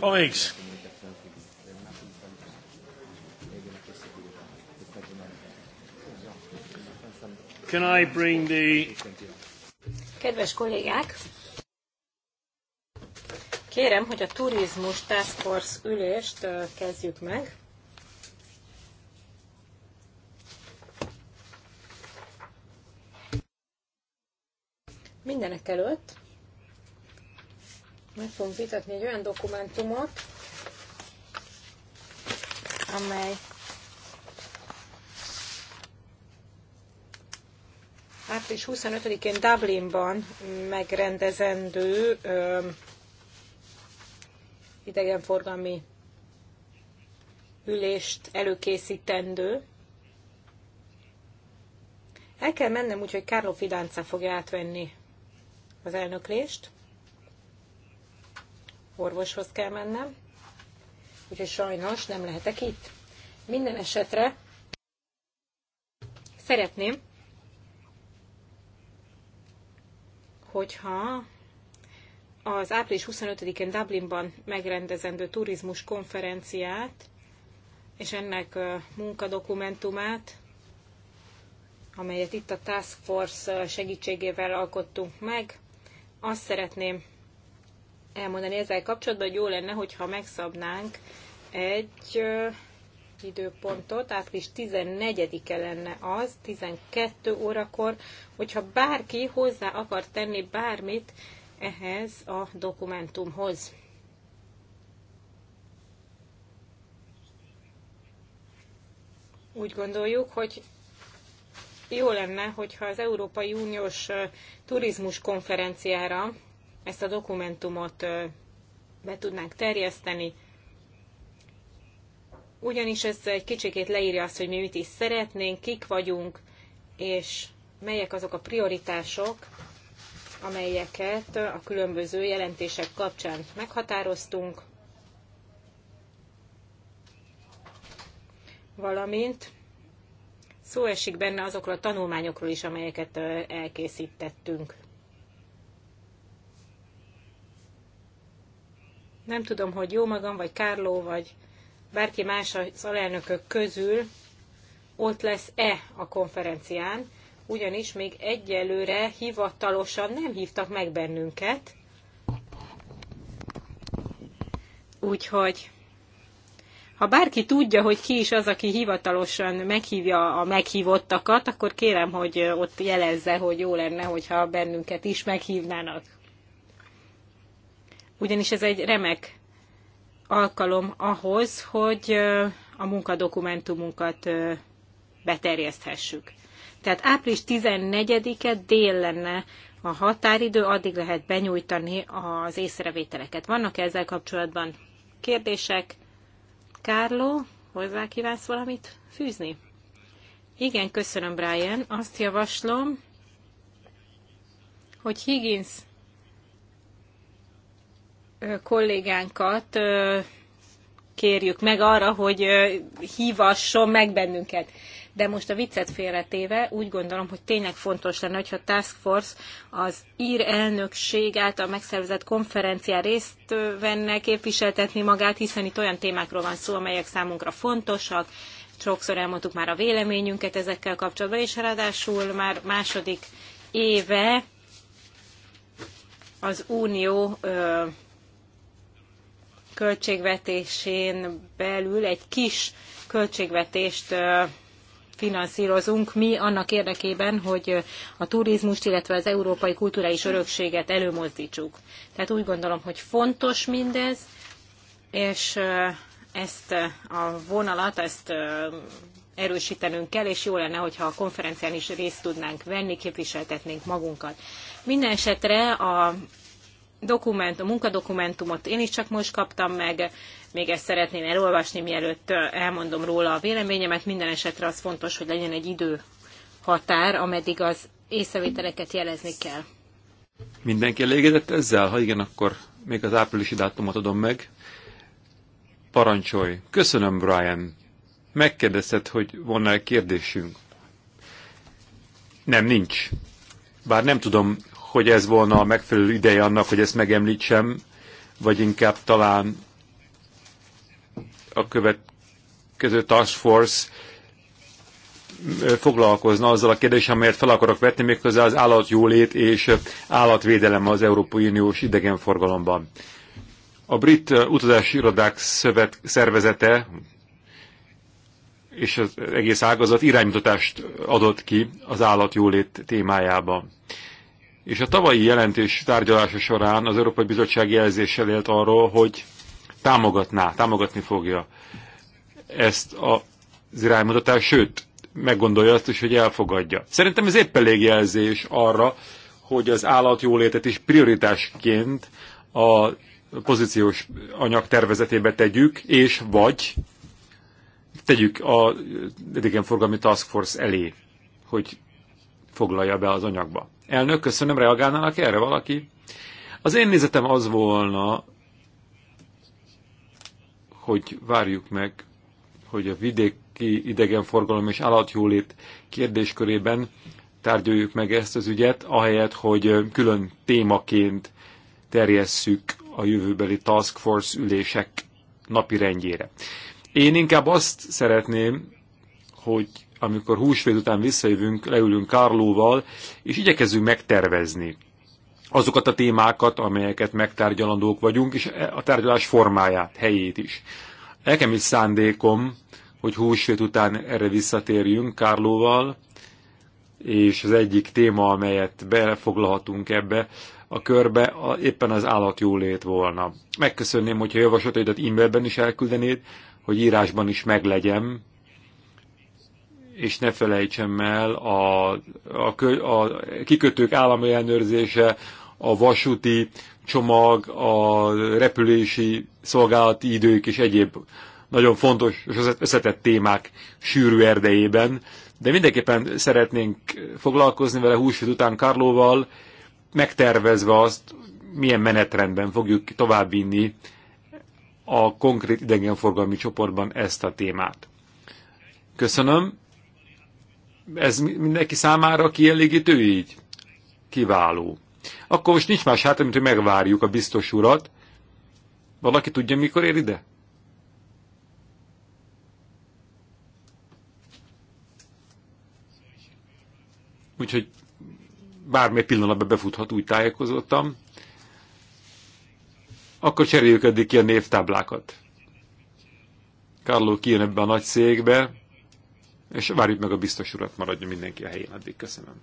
Colleagues. Can I bring the... Kedves kollégák, kérem, hogy a turizmus task force ülést kezdjük meg. Mindenek előtt meg fogunk vitatni egy olyan dokumentumot, amely április 25-én Dublinban megrendezendő ö, idegenforgalmi ülést előkészítendő. El kell mennem, úgyhogy Carlo Fidánca fogja átvenni az elnöklést orvoshoz kell mennem, úgyhogy sajnos nem lehetek itt. Minden esetre szeretném, hogyha az április 25-én Dublinban megrendezendő turizmus konferenciát és ennek munkadokumentumát, amelyet itt a Task Force segítségével alkottunk meg, azt szeretném elmondani ezzel kapcsolatban, hogy jó lenne, hogyha megszabnánk egy időpontot, április 14-e lenne az, 12 órakor, hogyha bárki hozzá akar tenni bármit ehhez a dokumentumhoz. Úgy gondoljuk, hogy jó lenne, hogyha az Európai Uniós Turizmus Konferenciára ezt a dokumentumot be tudnánk terjeszteni, ugyanis ez egy kicsikét leírja azt, hogy mi mit is szeretnénk, kik vagyunk, és melyek azok a prioritások, amelyeket a különböző jelentések kapcsán meghatároztunk, valamint szó esik benne azokról a tanulmányokról is, amelyeket elkészítettünk. Nem tudom, hogy jó magam, vagy Kárló, vagy bárki más az alelnökök közül ott lesz-e a konferencián, ugyanis még egyelőre hivatalosan nem hívtak meg bennünket. Úgyhogy, ha bárki tudja, hogy ki is az, aki hivatalosan meghívja a meghívottakat, akkor kérem, hogy ott jelezze, hogy jó lenne, hogyha bennünket is meghívnának ugyanis ez egy remek alkalom ahhoz, hogy a munkadokumentumunkat beterjeszthessük. Tehát április 14-e dél lenne a határidő, addig lehet benyújtani az észrevételeket. Vannak -e ezzel kapcsolatban kérdések? Kárló, hozzá kívánsz valamit fűzni? Igen, köszönöm, Brian. Azt javaslom, hogy Higgins kollégánkat kérjük meg arra, hogy hívasson meg bennünket. De most a viccet félretéve úgy gondolom, hogy tényleg fontos lenne, hogyha Task Force az ír elnökség által megszervezett konferencián részt venne képviseltetni magát, hiszen itt olyan témákról van szó, amelyek számunkra fontosak, sokszor elmondtuk már a véleményünket ezekkel kapcsolatban, és ráadásul már második éve az Unió költségvetésén belül egy kis költségvetést finanszírozunk mi annak érdekében, hogy a turizmust, illetve az európai kulturális örökséget előmozdítsuk. Tehát úgy gondolom, hogy fontos mindez, és ezt a vonalat, ezt erősítenünk kell, és jó lenne, hogyha a konferencián is részt tudnánk venni, képviseltetnénk magunkat. Minden esetre a dokumentum, munkadokumentumot én is csak most kaptam meg, még ezt szeretném elolvasni, mielőtt elmondom róla a véleményemet. Minden esetre az fontos, hogy legyen egy idő határ, ameddig az észrevételeket jelezni kell. Mindenki elégedett ezzel? Ha igen, akkor még az áprilisi dátumot adom meg. Parancsolj! Köszönöm, Brian! Megkérdezted, hogy van-e kérdésünk? Nem, nincs. Bár nem tudom, hogy ez volna a megfelelő ideje annak, hogy ezt megemlítsem, vagy inkább talán a következő Task Force foglalkozna azzal a kérdéssel, amelyet fel akarok vetni, méghozzá az állatjólét és állatvédelem az Európai Uniós idegenforgalomban. A Brit Utazási Irodák Szövet Szervezete és az egész ágazat iránymutatást adott ki az állatjólét témájában. És a tavalyi jelentés tárgyalása során az Európai Bizottság jelzéssel élt arról, hogy támogatná, támogatni fogja ezt az iránymutatást, sőt, meggondolja azt is, hogy elfogadja. Szerintem ez épp elég jelzés arra, hogy az állatjólétet is prioritásként a pozíciós anyag tervezetébe tegyük, és vagy tegyük a idegenforgalmi task force elé, hogy foglalja be az anyagba. Elnök, köszönöm, reagálnának erre valaki? Az én nézetem az volna, hogy várjuk meg, hogy a vidéki idegenforgalom és állatjólét kérdéskörében tárgyaljuk meg ezt az ügyet, ahelyett, hogy külön témaként terjesszük a jövőbeli Task Force ülések napi rendjére. Én inkább azt szeretném, hogy amikor húsvét után visszajövünk, leülünk Kárlóval, és igyekezünk megtervezni azokat a témákat, amelyeket megtárgyalandók vagyunk, és e- a tárgyalás formáját, helyét is. Nekem is szándékom, hogy húsvét után erre visszatérjünk Kárlóval, és az egyik téma, amelyet belefoglalhatunk ebbe a körbe, a, éppen az állatjólét volna. Megköszönném, hogyha javaslataidat e-mailben is elküldenéd, hogy írásban is meglegyem, és ne felejtsem el a, a, a kikötők állami ellenőrzése, a vasúti csomag, a repülési szolgálati idők és egyéb nagyon fontos és összetett témák sűrű erdejében, de mindenképpen szeretnénk foglalkozni vele húsvét után Karlóval, megtervezve azt, milyen menetrendben fogjuk továbbvinni a konkrét idegenforgalmi csoportban ezt a témát. Köszönöm. Ez mindenki számára kielégítő így? Kiváló. Akkor most nincs más hátra, mint hogy megvárjuk a biztos urat. Valaki tudja, mikor ér ide? Úgyhogy bármely pillanatban befuthat, úgy tájékozottam. Akkor cseréljük eddig ki a névtáblákat. Carlo kijön ebbe a nagy székbe, és várjuk meg a biztos urat, maradjon mindenki a helyén addig. Köszönöm.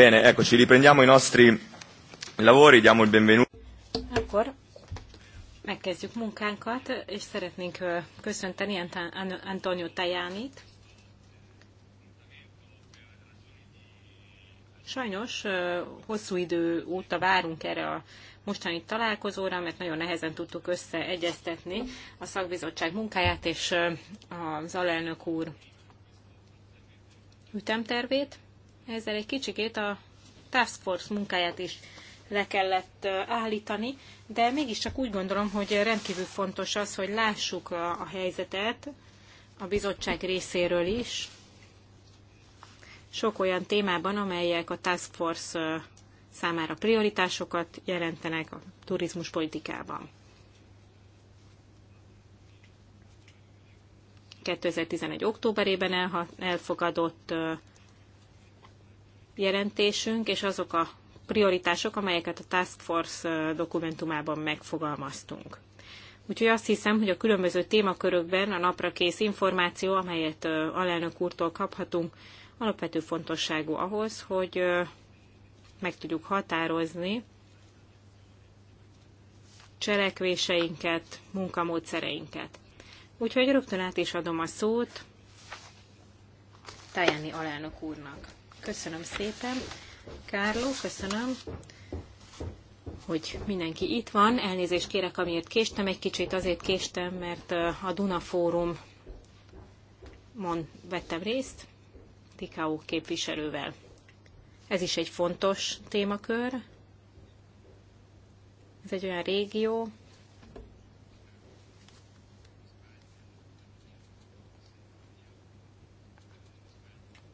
Bene, eccoci, riprendiamo i nostri lavori, diamo il benvenuto. Akkor megkezdjük munkánkat, és szeretnénk köszönteni Antonio Tajánit. Sajnos hosszú idő óta várunk erre a mostani találkozóra, mert nagyon nehezen tudtuk összeegyeztetni a szakbizottság munkáját és az alelnök úr ütemtervét ezzel egy kicsikét a Task Force munkáját is le kellett állítani, de mégiscsak úgy gondolom, hogy rendkívül fontos az, hogy lássuk a, a helyzetet a bizottság részéről is. Sok olyan témában, amelyek a Task Force számára prioritásokat jelentenek a turizmus politikában. 2011. októberében elfogadott jelentésünk, és azok a prioritások, amelyeket a Task Force dokumentumában megfogalmaztunk. Úgyhogy azt hiszem, hogy a különböző témakörökben a napra kész információ, amelyet alelnök úrtól kaphatunk, alapvető fontosságú ahhoz, hogy meg tudjuk határozni cselekvéseinket, munkamódszereinket. Úgyhogy rögtön át is adom a szót Tajani alelnök úrnak. Köszönöm szépen. Kárló, köszönöm, hogy mindenki itt van. Elnézést kérek, amiért késtem egy kicsit, azért késtem, mert a Duna Fórum mon vettem részt, Tikau képviselővel. Ez is egy fontos témakör. Ez egy olyan régió,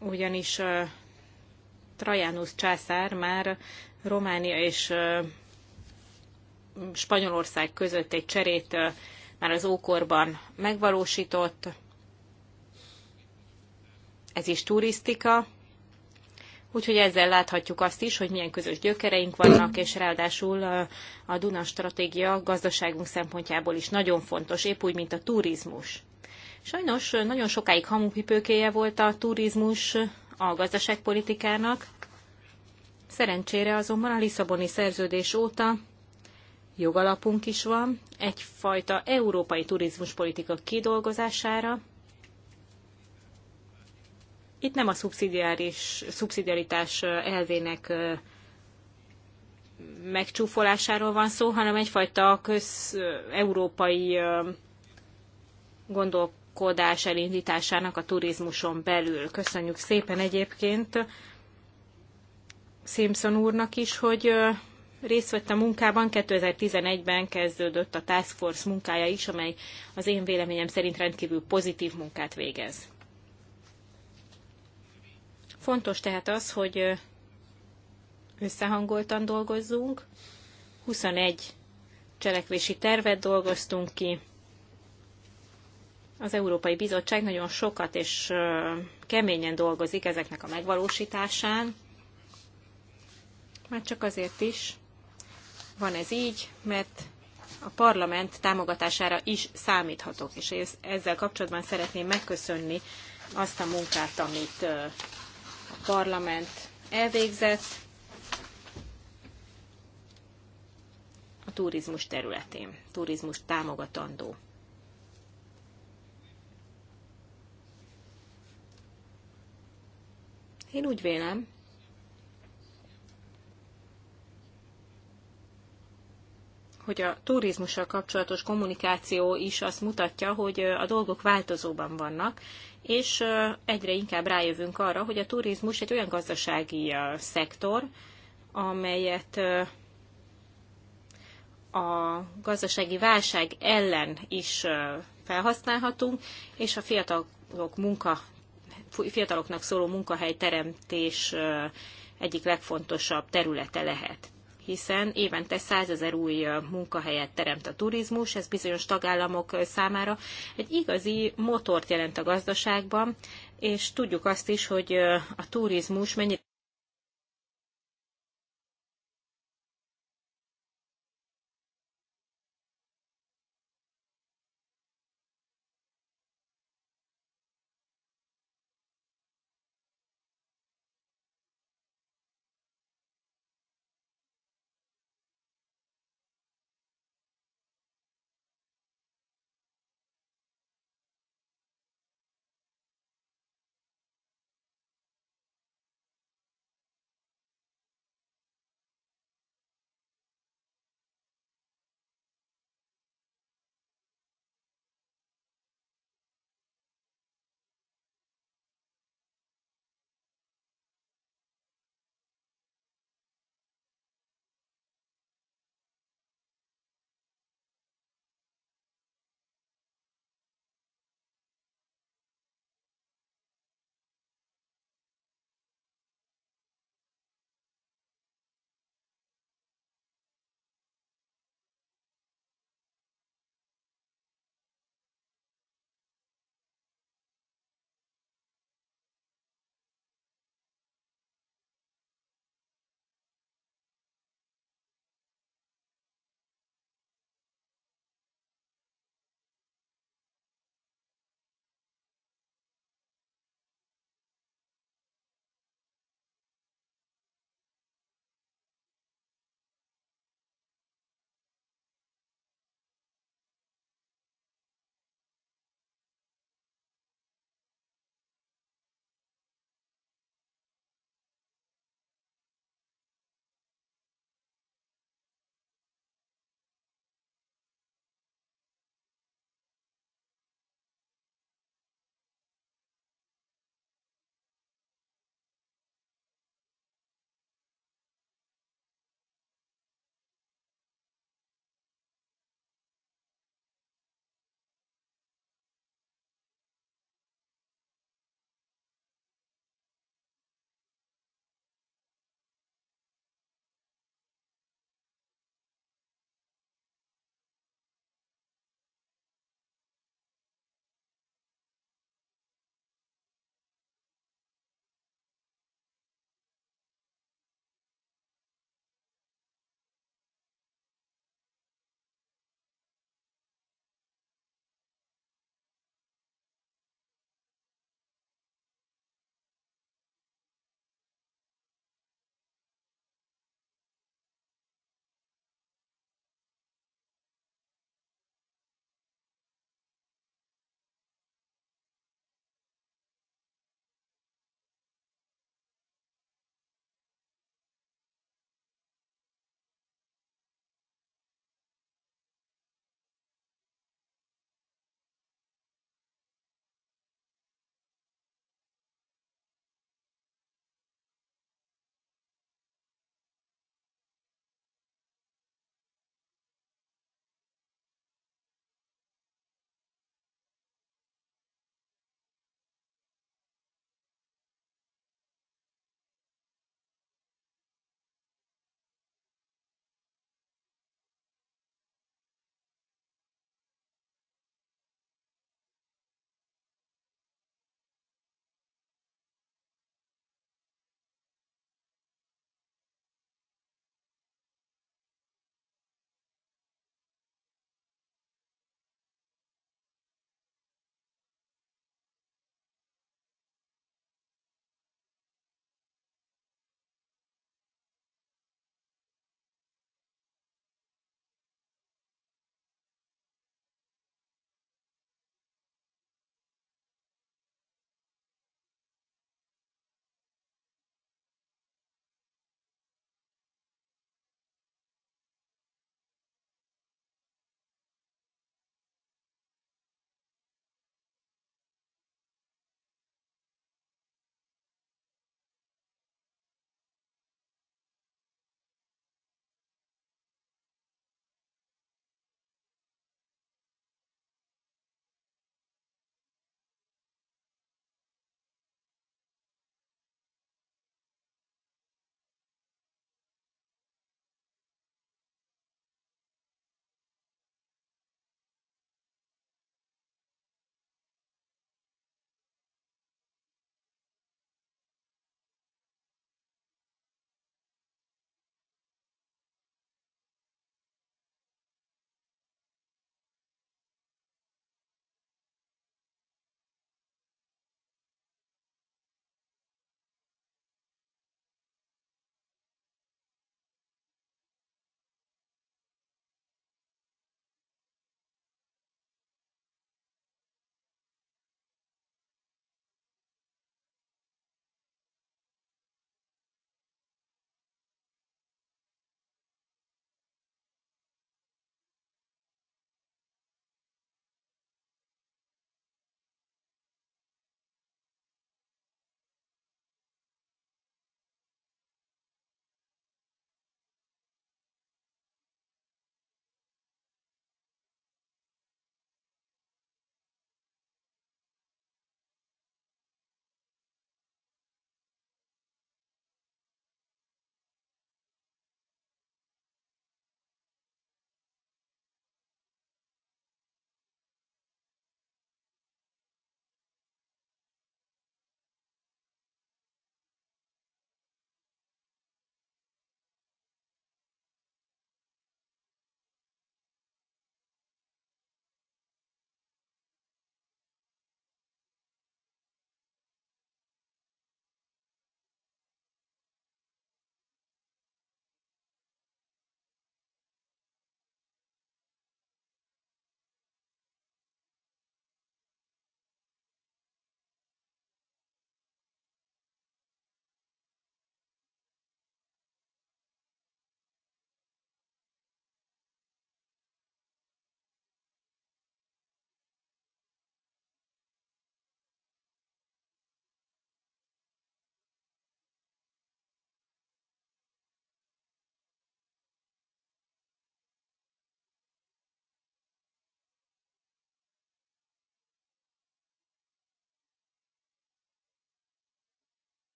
ugyanis Trajanus császár már Románia és Spanyolország között egy cserét már az ókorban megvalósított. Ez is turisztika, úgyhogy ezzel láthatjuk azt is, hogy milyen közös gyökereink vannak, és ráadásul a Duna stratégia gazdaságunk szempontjából is nagyon fontos, épp úgy, mint a turizmus. Sajnos nagyon sokáig hamupipőkéje volt a turizmus a gazdaságpolitikának. Szerencsére azonban a Lisszaboni szerződés óta jogalapunk is van egyfajta európai turizmuspolitika kidolgozására. Itt nem a szubszidiaritás elvének megcsúfolásáról van szó, hanem egyfajta köz-európai gondolkodás gondolkodás elindításának a turizmuson belül. Köszönjük szépen egyébként Simpson úrnak is, hogy részt vett a munkában. 2011-ben kezdődött a Task Force munkája is, amely az én véleményem szerint rendkívül pozitív munkát végez. Fontos tehát az, hogy összehangoltan dolgozzunk. 21 cselekvési tervet dolgoztunk ki, az Európai Bizottság nagyon sokat és keményen dolgozik ezeknek a megvalósításán. Már csak azért is van ez így, mert a parlament támogatására is számíthatok, és ezzel kapcsolatban szeretném megköszönni azt a munkát, amit a parlament elvégzett a turizmus területén, turizmus támogatandó Én úgy vélem, hogy a turizmussal kapcsolatos kommunikáció is azt mutatja, hogy a dolgok változóban vannak, és egyre inkább rájövünk arra, hogy a turizmus egy olyan gazdasági szektor, amelyet a gazdasági válság ellen is felhasználhatunk, és a fiatalok munka fiataloknak szóló munkahelyteremtés teremtés egyik legfontosabb területe lehet hiszen évente százezer új munkahelyet teremt a turizmus, ez bizonyos tagállamok számára egy igazi motort jelent a gazdaságban, és tudjuk azt is, hogy a turizmus mennyire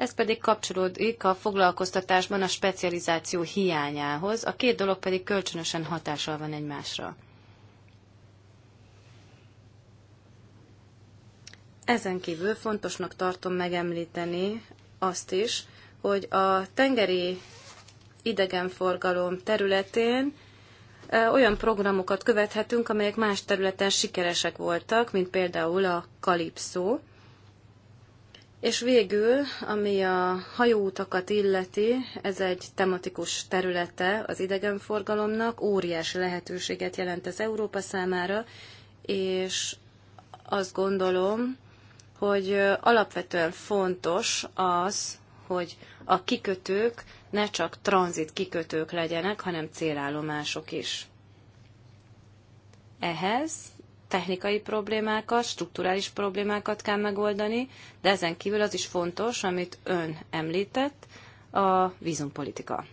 Ez pedig kapcsolódik a foglalkoztatásban a specializáció hiányához, a két dolog pedig kölcsönösen hatással van egymásra. Ezen kívül fontosnak tartom megemlíteni azt is, hogy a tengeri idegenforgalom területén olyan programokat követhetünk, amelyek más területen sikeresek voltak, mint például a Kalipszó. És végül, ami a hajóutakat illeti, ez egy tematikus területe az idegenforgalomnak, óriási lehetőséget jelent az Európa számára, és azt gondolom, hogy alapvetően fontos az, hogy a kikötők ne csak tranzit kikötők legyenek, hanem célállomások is. Ehhez technikai problémákat, strukturális problémákat kell megoldani, de ezen kívül az is fontos, amit ön említett, a vízumpolitika.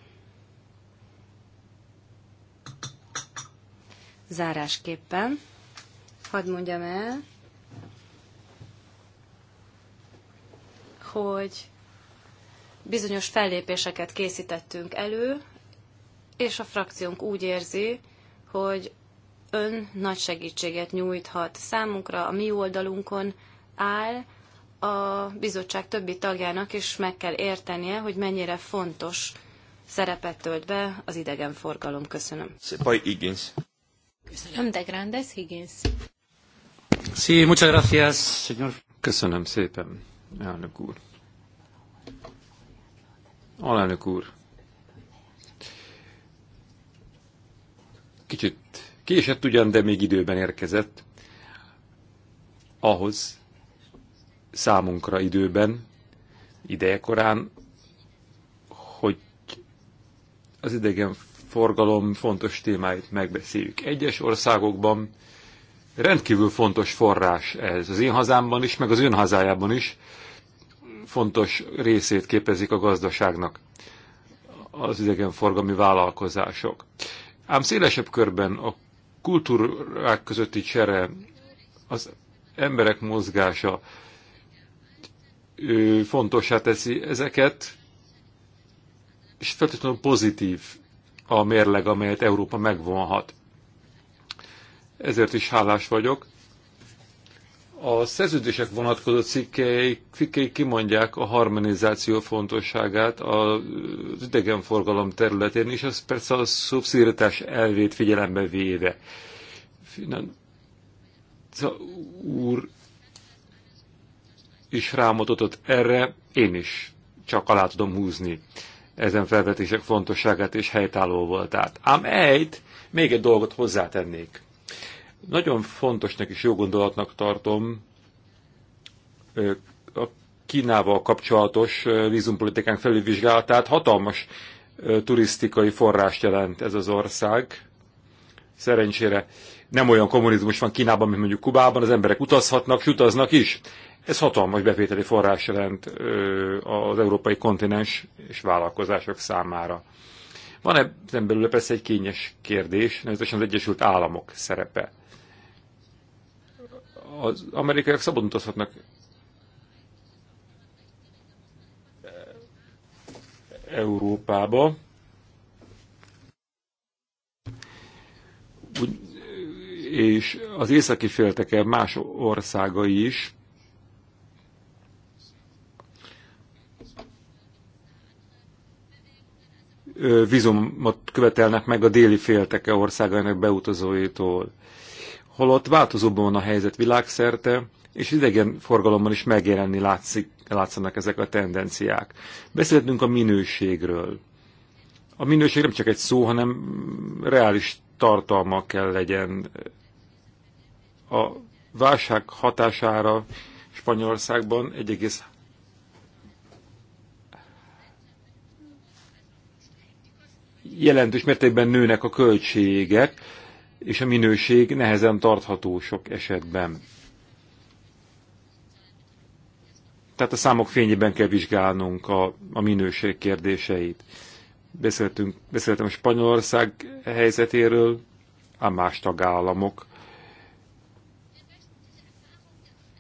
Zárásképpen hadd mondjam el, hogy bizonyos fellépéseket készítettünk elő, és a frakciónk úgy érzi, hogy ön nagy segítséget nyújthat számunkra, a mi oldalunkon áll, a bizottság többi tagjának is meg kell értenie, hogy mennyire fontos szerepet tölt be az idegenforgalom. Köszönöm. Szépai Higgins. Köszönöm, de Grandes Higgins. Sí, muchas gracias, señor. Köszönöm szépen, elnök úr. Alelnök úr. Kicsit Késett ugyan, de még időben érkezett ahhoz számunkra időben, idejekorán, hogy az idegen forgalom fontos témáit megbeszéljük. Egyes országokban rendkívül fontos forrás ez. Az én hazámban is, meg az ön hazájában is fontos részét képezik a gazdaságnak az idegenforgalmi vállalkozások. Ám szélesebb körben a kultúrák közötti csere, az emberek mozgása fontosá teszi ezeket, és feltétlenül pozitív a mérleg, amelyet Európa megvonhat. Ezért is hálás vagyok a szerződések vonatkozó cikkei, cikkei kimondják a harmonizáció fontosságát az idegenforgalom területén, és az persze a szubszidiaritás elvét figyelembe véve. Finan... úr is rámutatott erre, én is csak alá tudom húzni ezen felvetések fontosságát és helytálló voltát. Ám egy, még egy dolgot hozzátennék. Nagyon fontosnak és jó gondolatnak tartom a Kínával kapcsolatos vízumpolitikánk felülvizsgálatát. Hatalmas turisztikai forrást jelent ez az ország. Szerencsére nem olyan kommunizmus van Kínában, mint mondjuk Kubában, az emberek utazhatnak, és utaznak is. Ez hatalmas bevételi forrás jelent az európai kontinens és vállalkozások számára. Van ebben belül persze egy kényes kérdés, nevezetesen az Egyesült Államok szerepe az amerikaiak szabadon utazhatnak. Európába. És az északi félteke más országai is Vizumot követelnek meg a déli félteke országainak beutazóitól holott változóban van a helyzet világszerte, és idegen forgalomban is megjelenni látszik, látszanak ezek a tendenciák. Beszéltünk a minőségről. A minőség nem csak egy szó, hanem reális tartalma kell legyen. A válság hatására Spanyolországban 1,3 jelentős mértékben nőnek a költségek, és a minőség nehezen tartható sok esetben. Tehát a számok fényében kell vizsgálnunk a, a minőség kérdéseit. Beszéltünk, beszéltem a Spanyolország helyzetéről, a más tagállamok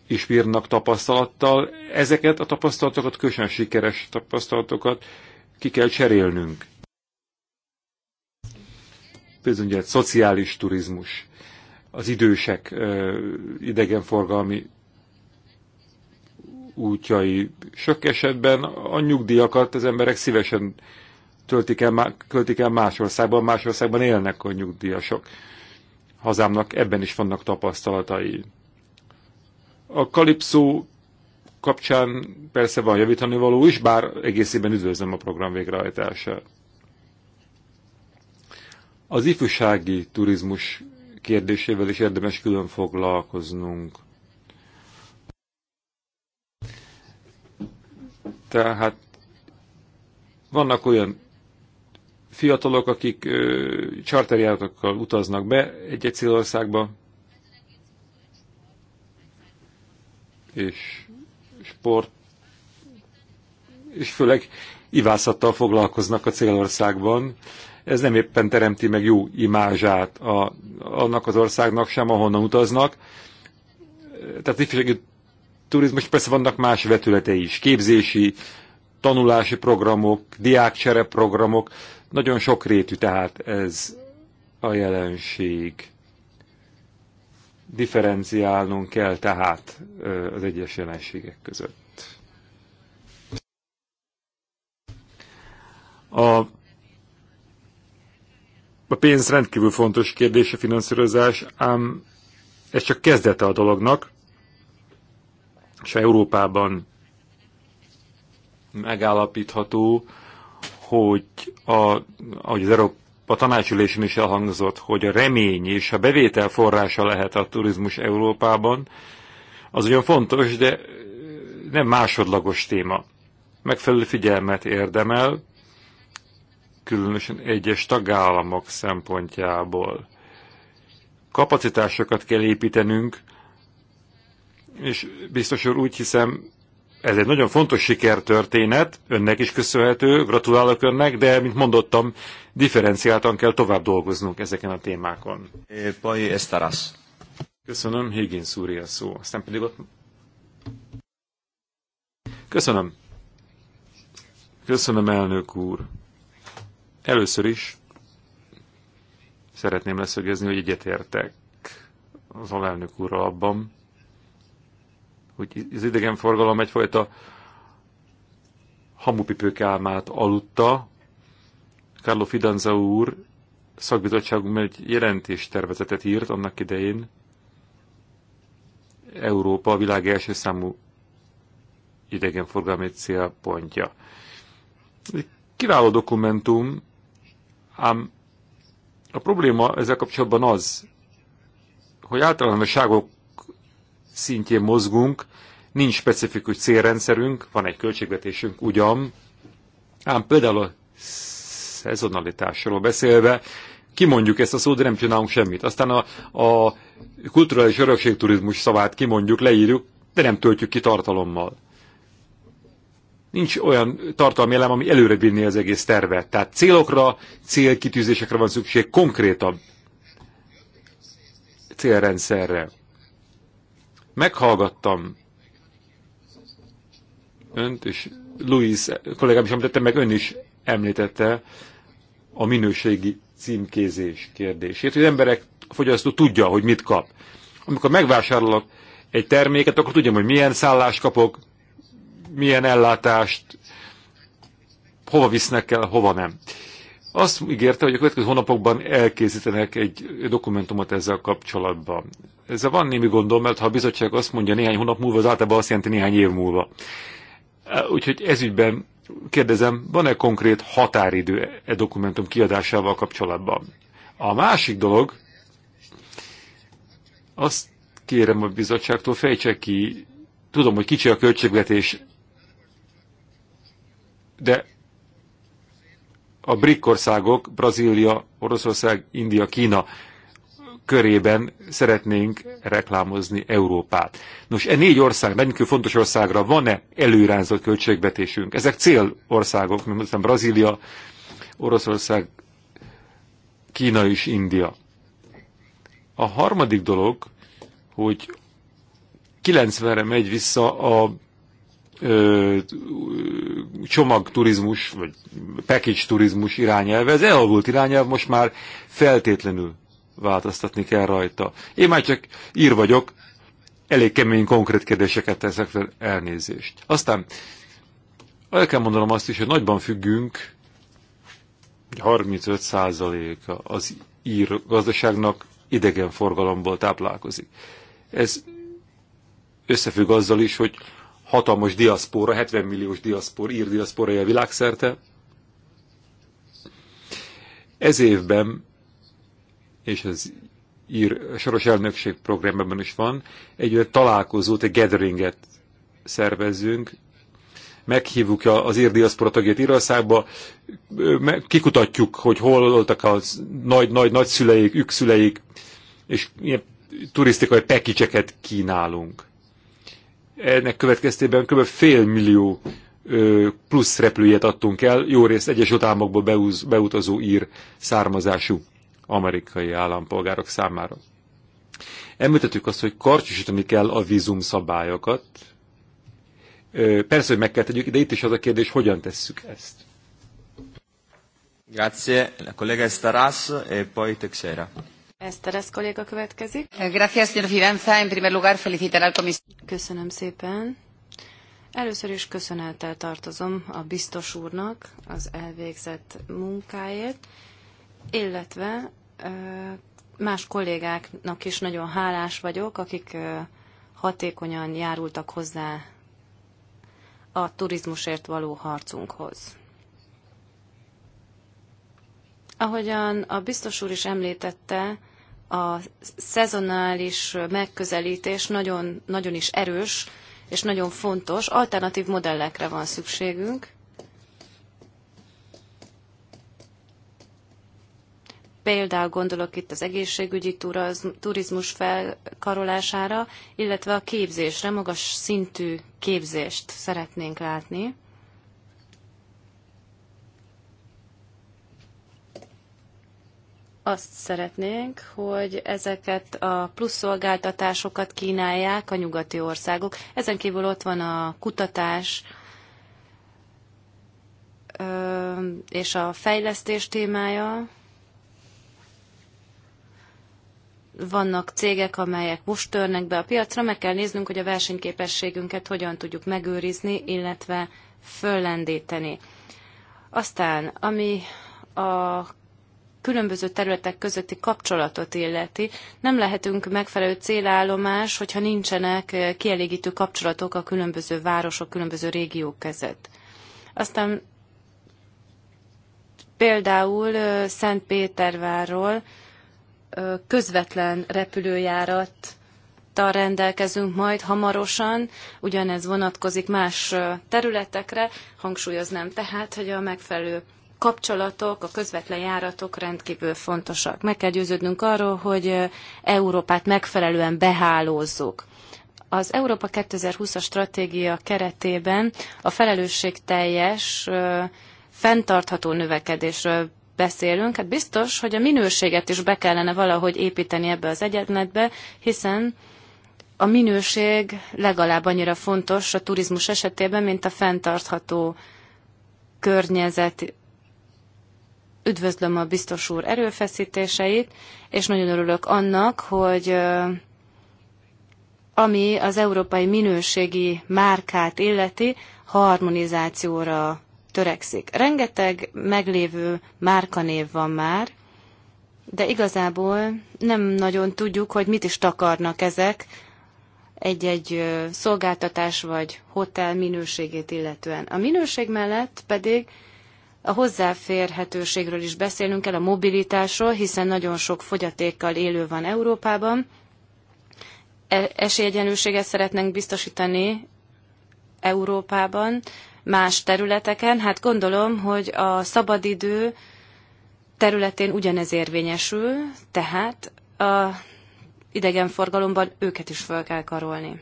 is bírnak tapasztalattal. Ezeket a tapasztalatokat, különösen sikeres tapasztalatokat ki kell cserélnünk pénzügyi, szociális turizmus, az idősek idegenforgalmi útjai. Sok esetben a nyugdíjakat az emberek szívesen töltik el, költik el más országban, más országban élnek a nyugdíjasok. Hazámnak ebben is vannak tapasztalatai. A kalipszó kapcsán persze van javítani való is, bár egészében üdvözlöm a program végrehajtását. Az ifjúsági turizmus kérdésével is érdemes külön foglalkoznunk. Tehát vannak olyan fiatalok, akik charterjáratokkal utaznak be egy-egy célországba, és sport, és főleg ivászattal foglalkoznak a célországban, ez nem éppen teremti meg jó imázsát a, annak az országnak sem, ahonnan utaznak. Tehát ifjúsági turizmus persze vannak más vetületei is, képzési, tanulási programok, diákcsere programok, nagyon sokrétű tehát ez a jelenség. Differenciálnunk kell tehát az egyes jelenségek között. A a pénz rendkívül fontos kérdés, a finanszírozás, ám ez csak kezdete a dolognak, és Európában megállapítható, hogy a, ahogy az Európa tanácsülésen is elhangzott, hogy a remény és a bevétel forrása lehet a turizmus Európában, az ugyan fontos, de nem másodlagos téma. Megfelelő figyelmet érdemel, különösen egyes tagállamok szempontjából. Kapacitásokat kell építenünk, és biztos úr úgy hiszem, ez egy nagyon fontos sikertörténet, önnek is köszönhető, gratulálok önnek, de, mint mondottam, differenciáltan kell tovább dolgoznunk ezeken a témákon. Köszönöm, Higgins úr a szó. Aztán pedig ott... Köszönöm. Köszönöm, elnök úr. Először is szeretném leszögezni, hogy egyetértek az alelnök úrral abban, hogy az idegenforgalom egyfajta hamupipők álmát aludta. Carlo Fidanza úr szakbizottságunk egy tervezetet írt annak idején. Európa a világ első számú idegenforgalmi célpontja. Egy kiváló dokumentum, Ám a probléma ezzel kapcsolatban az, hogy általánosságok szintjén mozgunk, nincs specifikus célrendszerünk, van egy költségvetésünk ugyan, ám például a szezonalitásról beszélve, kimondjuk ezt a szót, de nem csinálunk semmit. Aztán a, a kulturális örökségturizmus szavát kimondjuk, leírjuk, de nem töltjük ki tartalommal nincs olyan tartalmi elem, ami előre előrevinni az egész tervet. Tehát célokra, célkitűzésekre van szükség, konkrétabb célrendszerre. Meghallgattam önt, és Louis kollégám is említette, meg ön is említette a minőségi címkézés kérdését, hogy az emberek, a fogyasztó tudja, hogy mit kap. Amikor megvásárolok egy terméket, akkor tudjam, hogy milyen szállást kapok, milyen ellátást, hova visznek el, hova nem. Azt ígérte, hogy a következő hónapokban elkészítenek egy dokumentumot ezzel kapcsolatban. Ezzel van némi gondom, mert ha a bizottság azt mondja néhány hónap múlva, az általában azt jelenti néhány év múlva. Úgyhogy ezügyben kérdezem, van-e konkrét határidő e dokumentum kiadásával kapcsolatban? A másik dolog, azt kérem a bizottságtól, fejtse ki, tudom, hogy kicsi a költségvetés de a BRIC országok, Brazília, Oroszország, India, Kína körében szeretnénk reklámozni Európát. Nos, e négy ország, rendkívül fontos országra van-e előrányzott költségvetésünk? Ezek célországok, mint mondtam, Brazília, Oroszország, Kína és India. A harmadik dolog, hogy 90-re megy vissza a csomagturizmus, vagy package turizmus irányelve, ez elavult irányelv, most már feltétlenül változtatni kell rajta. Én már csak ír vagyok, elég kemény konkrét kérdéseket teszek fel, elnézést. Aztán el kell mondanom azt is, hogy nagyban függünk, 35%-a az ír gazdaságnak idegenforgalomból táplálkozik. Ez összefügg azzal is, hogy hatalmas diaszpóra, 70 milliós diaszpóra, ír diaszpóra a világszerte. Ez évben, és ez ír a soros elnökség programban is van, egy találkozót, egy gatheringet szervezzünk, meghívjuk az ír diaszpora tagjait Írországba, kikutatjuk, hogy hol voltak a nagy-nagy-nagyszüleik, ükszüleik, és ilyen turisztikai pekicseket kínálunk ennek következtében kb. fél millió plusz repülőjét adtunk el, jó részt Egyesült Államokból beutazó ír származású amerikai állampolgárok számára. Említettük azt, hogy karcsúsítani kell a vízum szabályokat. Persze, hogy meg kell tegyük, de itt is az a kérdés, hogyan tesszük ezt. Grazie, la collega Staras e poi Texera kolléga következik. Eh, gracias, señor Fidanza. En primer lugar, felicitar al Köszönöm szépen. Először is köszönettel tartozom a biztos úrnak az elvégzett munkáért, illetve eh, más kollégáknak is nagyon hálás vagyok, akik eh, hatékonyan járultak hozzá a turizmusért való harcunkhoz. Ahogyan a biztos úr is említette, a szezonális megközelítés nagyon, nagyon is erős, és nagyon fontos. Alternatív modellekre van szükségünk. Például gondolok itt az egészségügyi turizmus felkarolására, illetve a képzésre, magas szintű képzést szeretnénk látni. azt szeretnénk, hogy ezeket a plusz szolgáltatásokat kínálják a nyugati országok. Ezen kívül ott van a kutatás és a fejlesztés témája. Vannak cégek, amelyek most törnek be a piacra, meg kell néznünk, hogy a versenyképességünket hogyan tudjuk megőrizni, illetve föllendíteni. Aztán, ami a különböző területek közötti kapcsolatot illeti. Nem lehetünk megfelelő célállomás, hogyha nincsenek eh, kielégítő kapcsolatok a különböző városok, különböző régiók között. Aztán például eh, Szentpéterváról eh, közvetlen repülőjárat tudattal rendelkezünk majd hamarosan, ugyanez vonatkozik más területekre, hangsúlyoznám tehát, hogy a megfelelő kapcsolatok, a közvetlen járatok rendkívül fontosak. Meg kell győződnünk arról, hogy Európát megfelelően behálózzuk. Az Európa 2020-as stratégia keretében a felelősség teljes, fenntartható növekedésről beszélünk, hát biztos, hogy a minőséget is be kellene valahogy építeni ebbe az egyenletbe, hiszen a minőség legalább annyira fontos a turizmus esetében, mint a fenntartható környezet Üdvözlöm a biztos úr erőfeszítéseit, és nagyon örülök annak, hogy ami az európai minőségi márkát illeti, harmonizációra törekszik. Rengeteg meglévő márkanév van már, de igazából nem nagyon tudjuk, hogy mit is takarnak ezek egy-egy szolgáltatás vagy hotel minőségét illetően. A minőség mellett pedig a hozzáférhetőségről is beszélnünk kell, a mobilitásról, hiszen nagyon sok fogyatékkal élő van Európában. E, esélyegyenlőséget szeretnénk biztosítani Európában, más területeken. Hát gondolom, hogy a szabadidő területén ugyanez érvényesül, tehát a idegenforgalomban őket is fel kell karolni.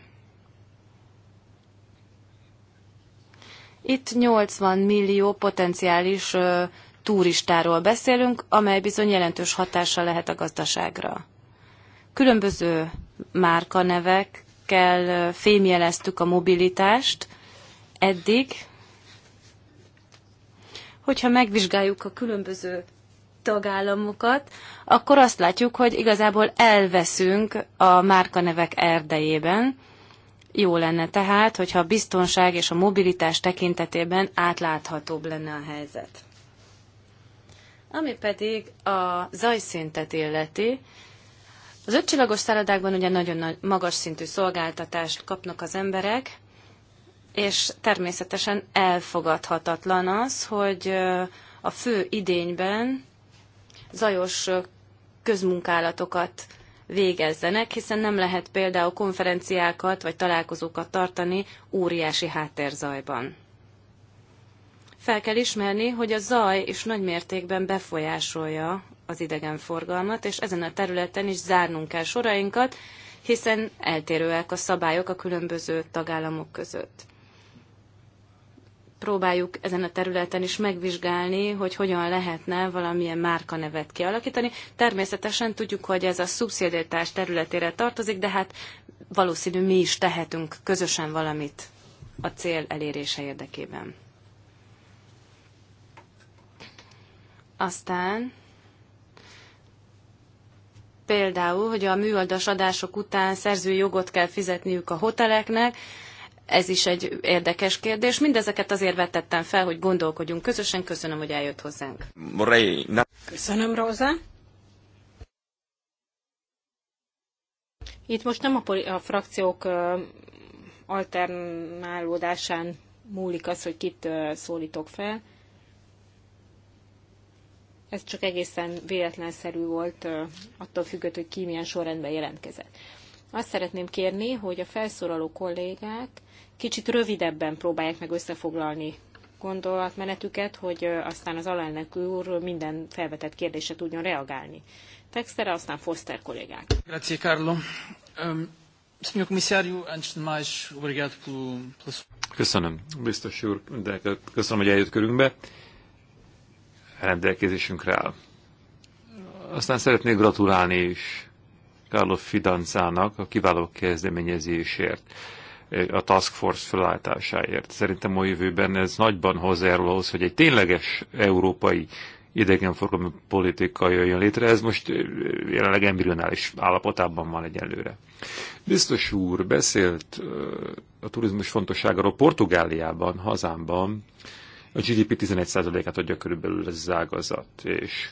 Itt 80 millió potenciális turistáról beszélünk, amely bizony jelentős hatása lehet a gazdaságra. Különböző márkanevekkel fémjeleztük a mobilitást eddig. Hogyha megvizsgáljuk a különböző tagállamokat, akkor azt látjuk, hogy igazából elveszünk a márkanevek erdejében, jó lenne tehát, hogyha a biztonság és a mobilitás tekintetében átláthatóbb lenne a helyzet. Ami pedig a zajszintet illeti, az ötcsillagos szállodákban ugye nagyon nagy, magas szintű szolgáltatást kapnak az emberek, és természetesen elfogadhatatlan az, hogy a fő idényben zajos közmunkálatokat végezzenek, hiszen nem lehet például konferenciákat vagy találkozókat tartani óriási háttérzajban. Fel kell ismerni, hogy a zaj is nagy mértékben befolyásolja az idegenforgalmat, és ezen a területen is zárnunk kell sorainkat, hiszen eltérőek a szabályok a különböző tagállamok között próbáljuk ezen a területen is megvizsgálni, hogy hogyan lehetne valamilyen márkanevet kialakítani. Természetesen tudjuk, hogy ez a szubszidítás területére tartozik, de hát valószínű mi is tehetünk közösen valamit a cél elérése érdekében. Aztán például, hogy a műoldas adások után szerzői jogot kell fizetniük a hoteleknek, ez is egy érdekes kérdés. Mindezeket azért vetettem fel, hogy gondolkodjunk közösen. Köszönöm, hogy eljött hozzánk. Köszönöm, Róza. Itt most nem a, a frakciók alternálódásán múlik az, hogy kit szólítok fel. Ez csak egészen véletlenszerű volt, attól függött, hogy ki milyen sorrendben jelentkezett. Azt szeretném kérni, hogy a felszólaló kollégák kicsit rövidebben próbálják meg összefoglalni gondolatmenetüket, hogy aztán az alelnök úr minden felvetett kérdésre tudjon reagálni. Textere, aztán Foster kollégák. Grazie, Carlo. Um... Ehm, Senhor Comissário, antes de más obrigado pelo, Köszönöm, biztos úr, de köszönöm, hogy eljött körünkbe. Rendelkezésünkre áll. Aztán szeretnék gratulálni is Carlo Fidanzának a kiváló kezdeményezésért a Task Force felállításáért. Szerintem a jövőben ez nagyban hozzájárul ahhoz, hogy egy tényleges európai idegenforgalmi politika jöjjön létre. Ez most jelenleg embrionális állapotában van egyelőre. Biztos úr beszélt a turizmus fontosságáról Portugáliában, hazámban. A GDP 11%-át adja körülbelül az ágazat, és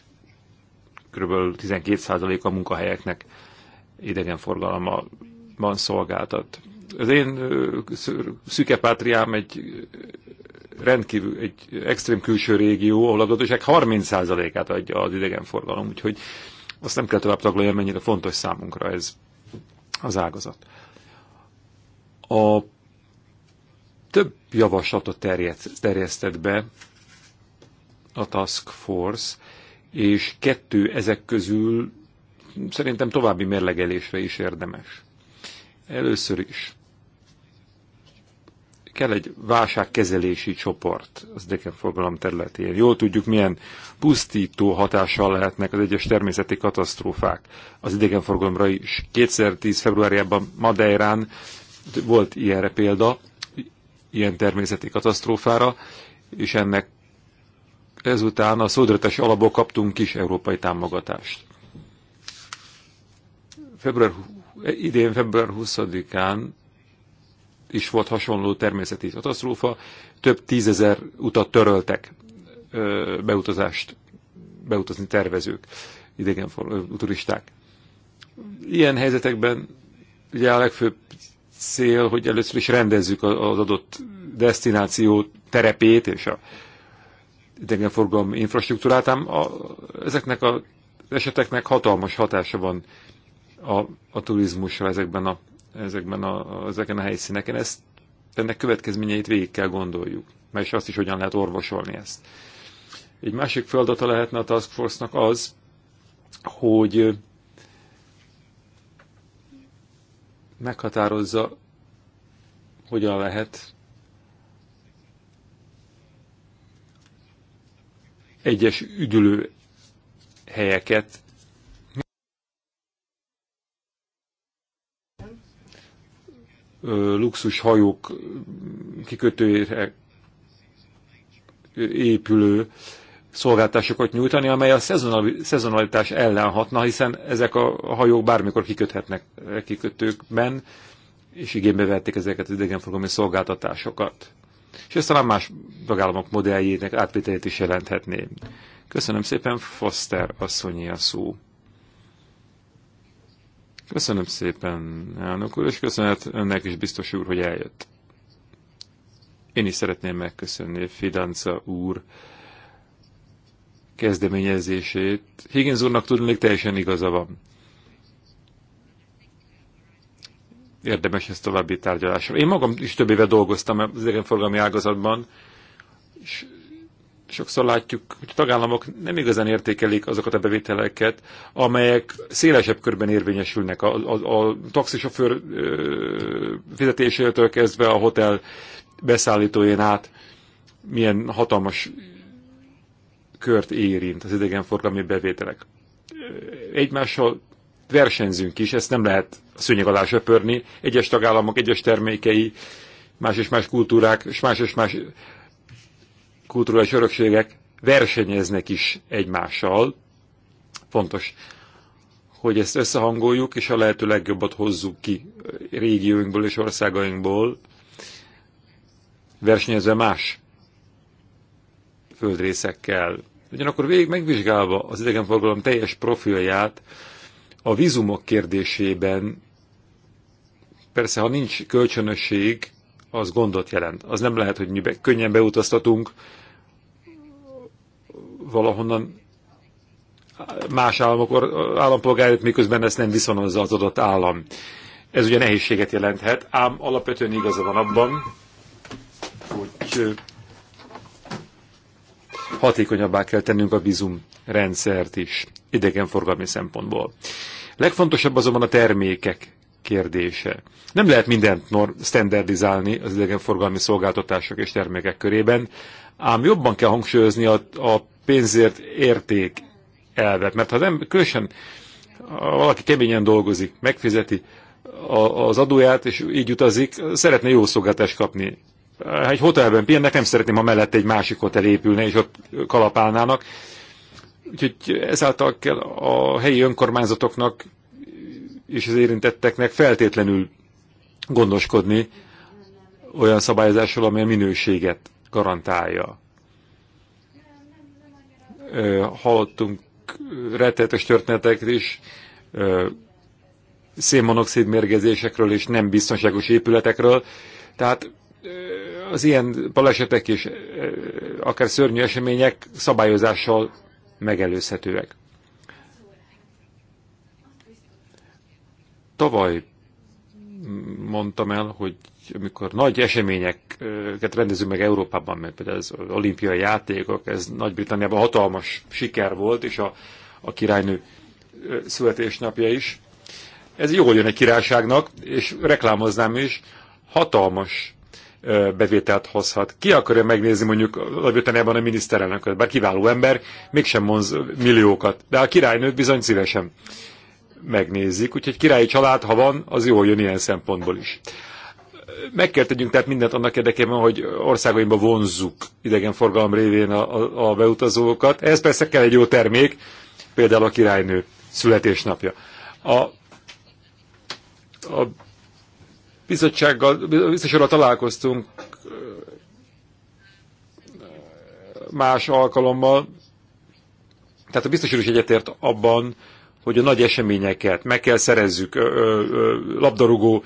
körülbelül 12% a munkahelyeknek van szolgáltat az én szükepátriám egy rendkívül, egy extrém külső régió, ahol a gazdaság 30%-át adja az idegenforgalom, úgyhogy azt nem kell tovább taglalni, mennyire fontos számunkra ez az ágazat. A több javaslatot terjesztett be a Task Force, és kettő ezek közül szerintem további mérlegelésre is érdemes. Először is kell egy válságkezelési csoport az Deken forgalom területén. Jól tudjuk, milyen pusztító hatással lehetnek az egyes természeti katasztrófák az idegenforgalomra is. 2010. februárjában Madeirán volt ilyenre példa, ilyen természeti katasztrófára, és ennek ezután a szódretes alapból kaptunk is európai támogatást. Február, idén február 20-án is volt hasonló természeti katasztrófa, több tízezer utat töröltek beutazást, beutazni tervezők, idegen turisták. Ilyen helyzetekben ugye a legfőbb cél, hogy először is rendezzük az adott destináció terepét és a idegenforgalmi infrastruktúrát, ám a, ezeknek az eseteknek hatalmas hatása van a, a turizmusra ezekben a ezekben a, ezeken a helyszíneken. Ezt, ennek következményeit végig kell gondoljuk, mert is azt is hogyan lehet orvosolni ezt. Egy másik feladata lehetne a Task Force-nak az, hogy meghatározza, hogyan lehet egyes üdülő helyeket luxus hajók kikötőjére épülő szolgáltásokat nyújtani, amely a szezonalitás ellen hatna, hiszen ezek a hajók bármikor kiköthetnek e kikötőkben, és igénybe vették ezeket az idegenforgalmi szolgáltatásokat. És ez talán más tagállamok modelljének átvételét is jelenthetné. Köszönöm szépen, Foster asszonyi a szó. Köszönöm szépen, elnök úr, és köszönet önnek is, biztos úr, hogy eljött. Én is szeretném megköszönni Fidanca úr kezdeményezését. Higgins úrnak tudnék teljesen igaza van. Érdemes ez további tárgyalásra. Én magam is több éve dolgoztam az idegenforgalmi ágazatban, és sokszor látjuk, hogy a tagállamok nem igazán értékelik azokat a bevételeket, amelyek szélesebb körben érvényesülnek. A, a, a taxisofőr fizetésétől kezdve a hotel beszállítójén át milyen hatalmas kört érint az idegenforgalmi bevételek. Egymással versenyzünk is, ezt nem lehet a szőnyeg alá söpörni. Egyes tagállamok, egyes termékei, más és más kultúrák, és más és más kulturális örökségek versenyeznek is egymással. Fontos, hogy ezt összehangoljuk, és a lehető legjobbat hozzuk ki régióinkból és országainkból, versenyezve más földrészekkel. Ugyanakkor végig megvizsgálva az idegenforgalom teljes profilját, a vízumok kérdésében persze, ha nincs kölcsönösség, az gondot jelent. Az nem lehet, hogy mi be, könnyen beutaztatunk valahonnan más államok állampolgárit, miközben ezt nem viszonozza az adott állam. Ez ugye nehézséget jelenthet, ám alapvetően igaza van abban, hogy hatékonyabbá kell tennünk a vízum rendszert is, idegenforgalmi szempontból. Legfontosabb azonban a termékek kérdése. Nem lehet mindent standardizálni az idegenforgalmi szolgáltatások és termékek körében, ám jobban kell hangsúlyozni a, a pénzért érték elvet. Mert ha nem, különösen valaki keményen dolgozik, megfizeti az adóját, és így utazik, szeretne jó szolgáltást kapni. Ha egy hotelben pihennek, nem szeretném, ha mellette egy másik hotel épülne, és ott kalapálnának. Úgyhogy ezáltal kell a helyi önkormányzatoknak és az érintetteknek feltétlenül gondoskodni olyan szabályozásról, amely a minőséget garantálja hallottunk rettetes történetekről is, szénmonoxid mérgezésekről és nem biztonságos épületekről. Tehát az ilyen balesetek és akár szörnyű események szabályozással megelőzhetőek. Tavaly mondtam el, hogy amikor nagy eseményeket rendezünk meg Európában, mert például az olimpiai játékok, ez Nagy-Britanniában hatalmas siker volt, és a, a királynő születésnapja is. Ez jól jön egy királyságnak, és reklámoznám is, hatalmas bevételt hozhat. Ki akarja megnézni mondjuk a britanniában a miniszterelnököt, bár kiváló ember, mégsem mondz milliókat, de a királynőt bizony szívesen megnézzük. Úgyhogy királyi család, ha van, az jól jön ilyen szempontból is. Meg kell tegyünk tehát mindent annak érdekében, hogy országaimba vonzzuk idegenforgalom révén a, a, a beutazókat. Ez persze kell egy jó termék, például a királynő születésnapja. A, a bizottsággal, arra találkoztunk más alkalommal, tehát a biztos is egyetért abban, hogy a nagy eseményeket meg kell szerezzük, ö, ö, labdarúgó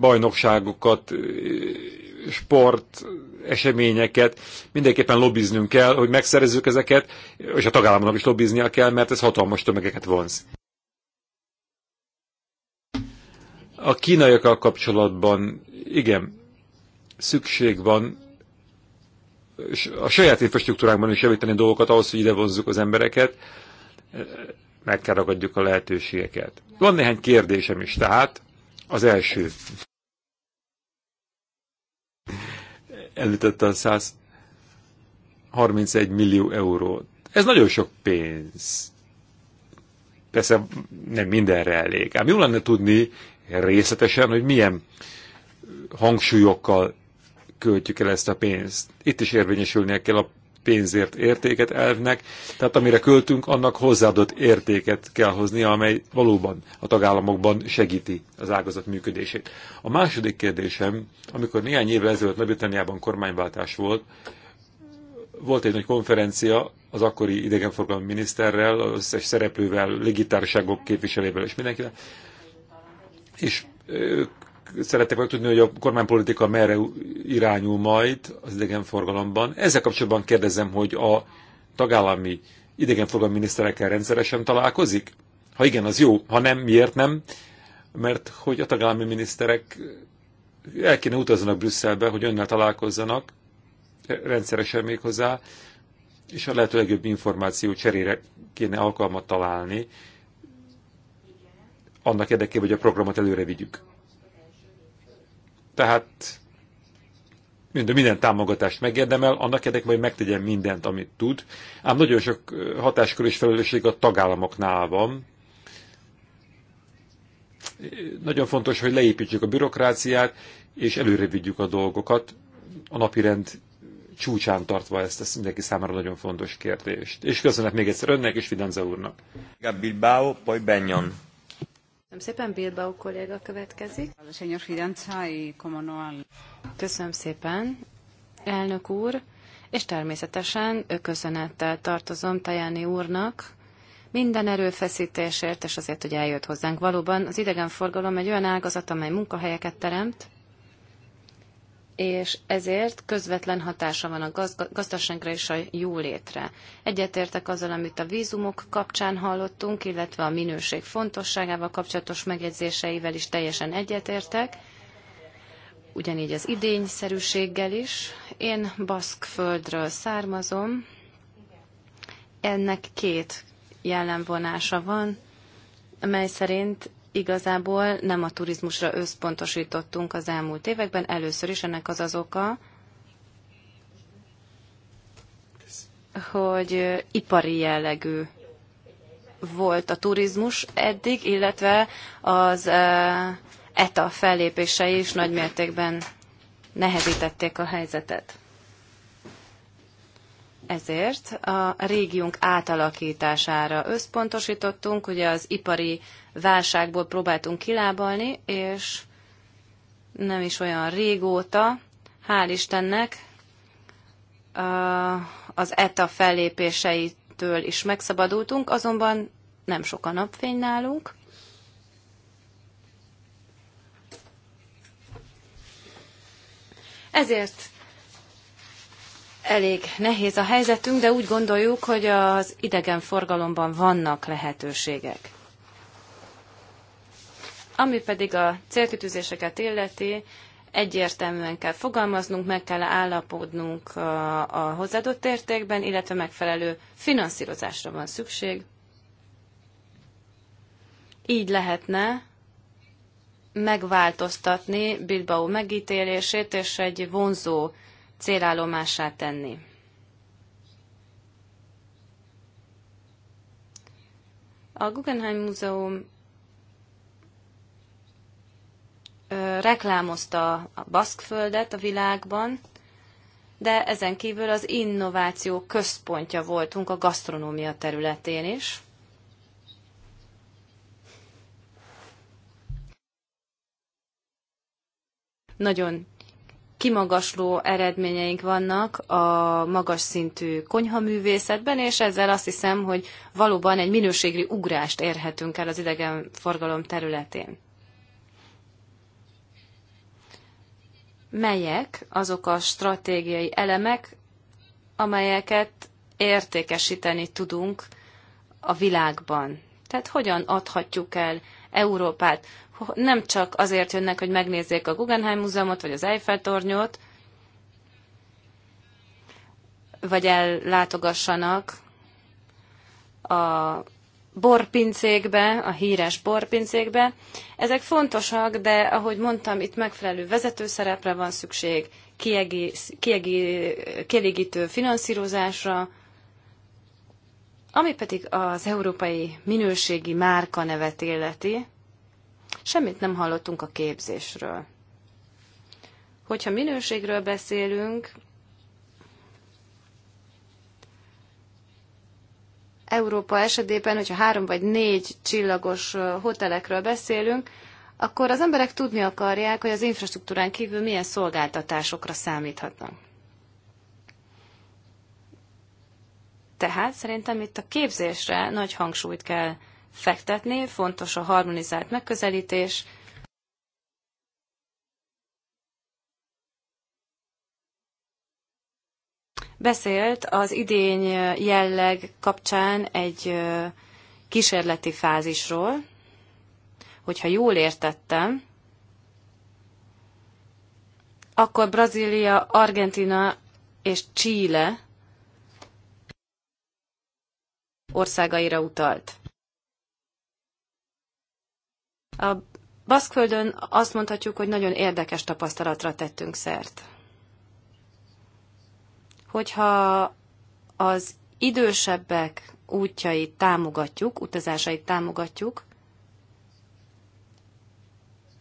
bajnokságokat, sport eseményeket, mindenképpen lobbiznünk kell, hogy megszerezzük ezeket, és a tagállamnak is lobbiznia kell, mert ez hatalmas tömegeket vonz. A kínaiakkal kapcsolatban, igen, szükség van és a saját infrastruktúránkban is javítani dolgokat ahhoz, hogy ide vonzzuk az embereket, meg kell ragadjuk a lehetőségeket. Van néhány kérdésem is, tehát az első. Említette a 131 millió eurót. Ez nagyon sok pénz. Persze nem mindenre elég. Ám jó lenne tudni részletesen, hogy milyen hangsúlyokkal költjük el ezt a pénzt. Itt is érvényesülnie kell a pénzért értéket elvnek, tehát amire költünk, annak hozzáadott értéket kell hozni, amely valóban a tagállamokban segíti az ágazat működését. A második kérdésem, amikor néhány évvel ezelőtt Nagy-Britanniában kormányváltás volt, volt egy nagy konferencia az akkori idegenforgalmi miniszterrel, az összes szereplővel, légitárságok képviselével és mindenkivel, és szerettek meg tudni, hogy a kormánypolitika merre irányul majd az idegenforgalomban. Ezzel kapcsolatban kérdezem, hogy a tagállami idegenforgalmi miniszterekkel rendszeresen találkozik? Ha igen, az jó. Ha nem, miért nem? Mert hogy a tagállami miniszterek el kéne utaznak Brüsszelbe, hogy önnel találkozzanak, rendszeresen még hozzá, és a lehető legjobb információ cserére kéne alkalmat találni, annak érdekében, hogy a programot előre vigyük. Tehát mind, minden támogatást megérdemel, annak érdekében, hogy megtegyen mindent, amit tud. Ám nagyon sok hatáskör és felelősség a tagállamoknál van. Nagyon fontos, hogy leépítsük a bürokráciát, és előre vigyük a dolgokat, a napirend csúcsán tartva ezt, ezt mindenki számára nagyon fontos kérdést. És köszönet még egyszer önnek és Fidenza úrnak. Bilbao, poi Benyon. Köszönöm szépen, Bilbao kolléga következik. Köszönöm szépen, elnök úr, és természetesen köszönettel tartozom Tajani úrnak, minden erőfeszítésért, és azért, hogy eljött hozzánk. Valóban az idegenforgalom egy olyan ágazat, amely munkahelyeket teremt, és ezért közvetlen hatása van a gazdaságra és a jólétre. Egyetértek azzal, amit a vízumok kapcsán hallottunk, illetve a minőség fontosságával kapcsolatos megjegyzéseivel is teljesen egyetértek, ugyanígy az idényszerűséggel is. Én baszk földről származom, ennek két jellemvonása van, mely szerint igazából nem a turizmusra összpontosítottunk az elmúlt években. Először is ennek az az oka, hogy ipari jellegű volt a turizmus eddig, illetve az ETA fellépései is nagymértékben nehezítették a helyzetet. Ezért a régiónk átalakítására összpontosítottunk, ugye az ipari válságból próbáltunk kilábalni, és nem is olyan régóta, hál' Istennek, az ETA fellépéseitől is megszabadultunk, azonban nem sok a napfény nálunk. Ezért elég nehéz a helyzetünk, de úgy gondoljuk, hogy az idegen forgalomban vannak lehetőségek. Ami pedig a célkitűzéseket illeti, egyértelműen kell fogalmaznunk, meg kell állapodnunk a, a hozzáadott értékben, illetve megfelelő finanszírozásra van szükség. Így lehetne megváltoztatni Bilbao megítélését, és egy vonzó célállomássá tenni. A Guggenheim Múzeum reklámozta a Baszkföldet a világban, de ezen kívül az innováció központja voltunk a gasztronómia területén is. Nagyon kimagasló eredményeink vannak a magas szintű konyhaművészetben, és ezzel azt hiszem, hogy valóban egy minőségi ugrást érhetünk el az idegenforgalom területén. Melyek azok a stratégiai elemek, amelyeket értékesíteni tudunk a világban? Tehát hogyan adhatjuk el Európát? nem csak azért jönnek, hogy megnézzék a Guggenheim Múzeumot, vagy az Eiffel tornyot, vagy ellátogassanak a borpincékbe, a híres borpincékbe. Ezek fontosak, de ahogy mondtam, itt megfelelő vezetőszerepre van szükség, kiegész, kiegé, kielégítő finanszírozásra, ami pedig az európai minőségi nevet illeti, Semmit nem hallottunk a képzésről. Hogyha minőségről beszélünk, Európa esetében, hogyha három vagy négy csillagos hotelekről beszélünk, akkor az emberek tudni akarják, hogy az infrastruktúrán kívül milyen szolgáltatásokra számíthatnak. Tehát szerintem itt a képzésre nagy hangsúlyt kell fektetni, fontos a harmonizált megközelítés, Beszélt az idény jelleg kapcsán egy kísérleti fázisról, hogyha jól értettem, akkor Brazília, Argentina és Chile országaira utalt. A Baszkföldön azt mondhatjuk, hogy nagyon érdekes tapasztalatra tettünk szert. Hogyha az idősebbek útjait támogatjuk, utazásait támogatjuk,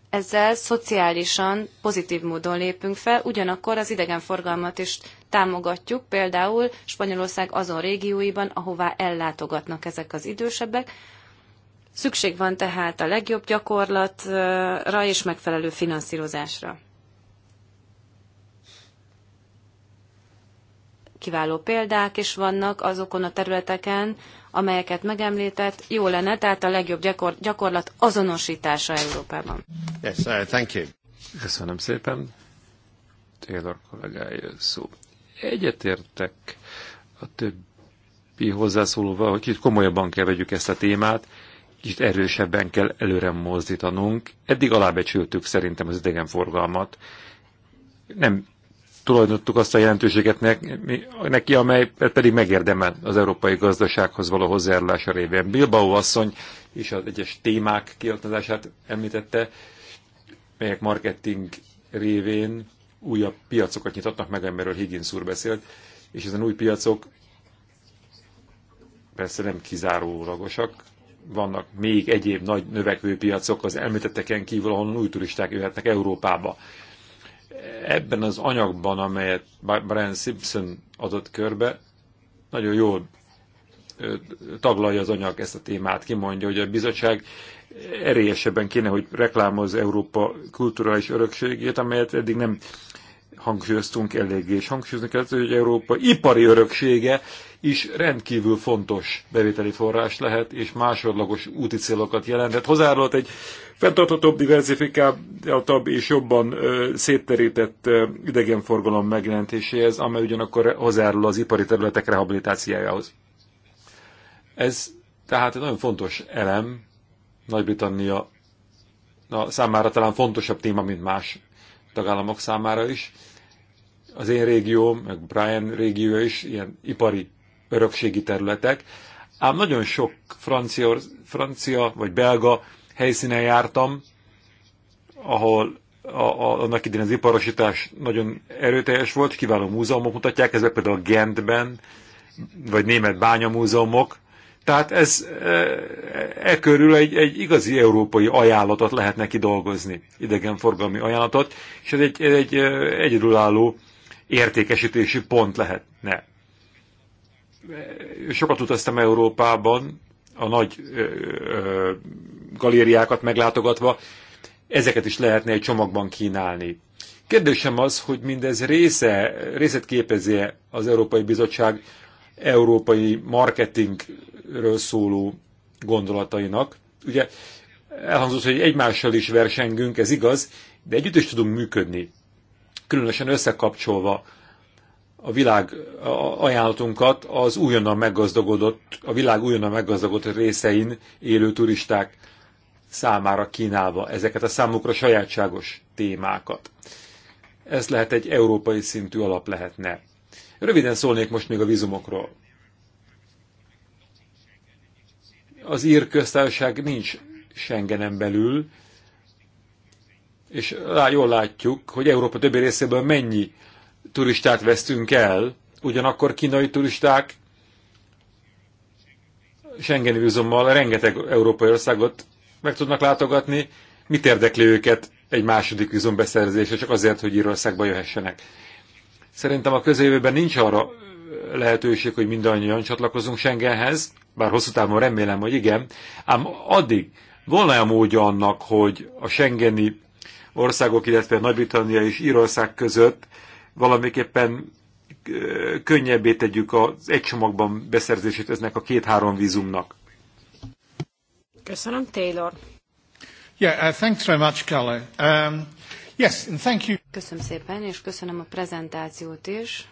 ezzel szociálisan pozitív módon lépünk fel, ugyanakkor az idegenforgalmat is támogatjuk, például Spanyolország azon régióiban, ahová ellátogatnak ezek az idősebbek, Szükség van tehát a legjobb gyakorlatra és megfelelő finanszírozásra. Kiváló példák is vannak azokon a területeken, amelyeket megemlített. Jó lenne tehát a legjobb gyakor- gyakorlat azonosítása Európában. Yes, uh, thank you. Köszönöm szépen. Taylor kollégája szó. Egyetértek a többi hozzászólóval, hogy itt komolyabban kell vegyük ezt a témát kicsit erősebben kell előre mozdítanunk. Eddig alábecsültük szerintem az idegenforgalmat. Nem tulajdonítottuk azt a jelentőséget neki, amely pedig megérdemel az európai gazdasághoz való hozzájárulása révén. Bilbao asszony és az egyes témák kiadását említette, melyek marketing révén újabb piacokat nyitatnak meg, amiről Higgins úr beszélt, és ezen új piacok persze nem kizárólagosak, vannak még egyéb nagy növekvő piacok az említetteken kívül, ahonnan új turisták jöhetnek Európába. Ebben az anyagban, amelyet Brian Simpson adott körbe, nagyon jól taglalja az anyag ezt a témát, kimondja, hogy a bizottság erélyesebben kéne, hogy reklámoz Európa kulturális örökségét, amelyet eddig nem hangsúlyoztunk eléggé, és hangsúlyozni kell, hogy Európa ipari öröksége is rendkívül fontos bevételi forrás lehet, és másodlagos úti célokat jelentett. Hozzárólt egy fenntarthatóbb, diversifikáltabb és jobban ö, szétterített ö, idegenforgalom megjelentéséhez, amely ugyanakkor hozzárul az ipari területek rehabilitációjához. Ez tehát egy nagyon fontos elem Nagy-Britannia számára talán fontosabb téma, mint más tagállamok számára is az én régióm, meg Brian régió is ilyen ipari örökségi területek, ám nagyon sok francia, francia vagy belga helyszínen jártam, ahol a, a, annak idén az iparosítás nagyon erőteljes volt, kiváló múzeumok mutatják, ezek például a Gentben, vagy német bányamúzeumok. Tehát ez e, e körül egy, egy igazi európai ajánlatot lehet neki dolgozni, idegenforgalmi ajánlatot, és ez egy, egy, egy egyedülálló értékesítési pont lehetne. Sokat utaztam Európában, a nagy ö, ö, galériákat meglátogatva, ezeket is lehetne egy csomagban kínálni. Kérdésem az, hogy mindez része, részét képezi -e az Európai Bizottság európai marketingről szóló gondolatainak. Ugye elhangzott, hogy egymással is versengünk, ez igaz, de együtt is tudunk működni különösen összekapcsolva a világ ajánlatunkat az újonnan meggazdagodott, a világ újonnan meggazdagodott részein élő turisták számára kínálva ezeket a számukra sajátságos témákat. Ez lehet egy európai szintű alap lehetne. Röviden szólnék most még a vízumokról. Az ír köztársaság nincs Schengenen belül, és rá jól látjuk, hogy Európa többi részéből mennyi turistát vesztünk el, ugyanakkor kínai turisták Schengeni vízummal rengeteg európai országot meg tudnak látogatni, mit érdekli őket egy második vízum beszerzése, csak azért, hogy Írországba jöhessenek. Szerintem a közeljövőben nincs arra lehetőség, hogy mindannyian csatlakozunk Schengenhez, bár hosszú távon remélem, hogy igen, ám addig volna-e módja annak, hogy a Schengeni országok, illetve Nagy-Britannia és Írország között valamiképpen könnyebbé tegyük az egy csomagban beszerzését eznek a két-három vízumnak. Köszönöm, Taylor. Yeah, uh, thanks very much, Kelly. Um, yes, and thank you. Köszönöm szépen, és köszönöm a prezentációt is.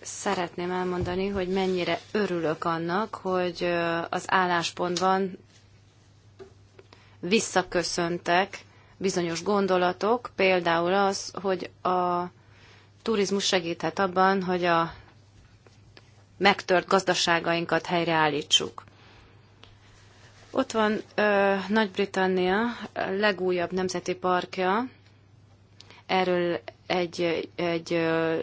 Szeretném elmondani, hogy mennyire örülök annak, hogy az álláspontban visszaköszöntek bizonyos gondolatok, például az, hogy a turizmus segíthet abban, hogy a megtört gazdaságainkat helyreállítsuk. Ott van Nagy-Britannia legújabb nemzeti parkja, erről egy, egy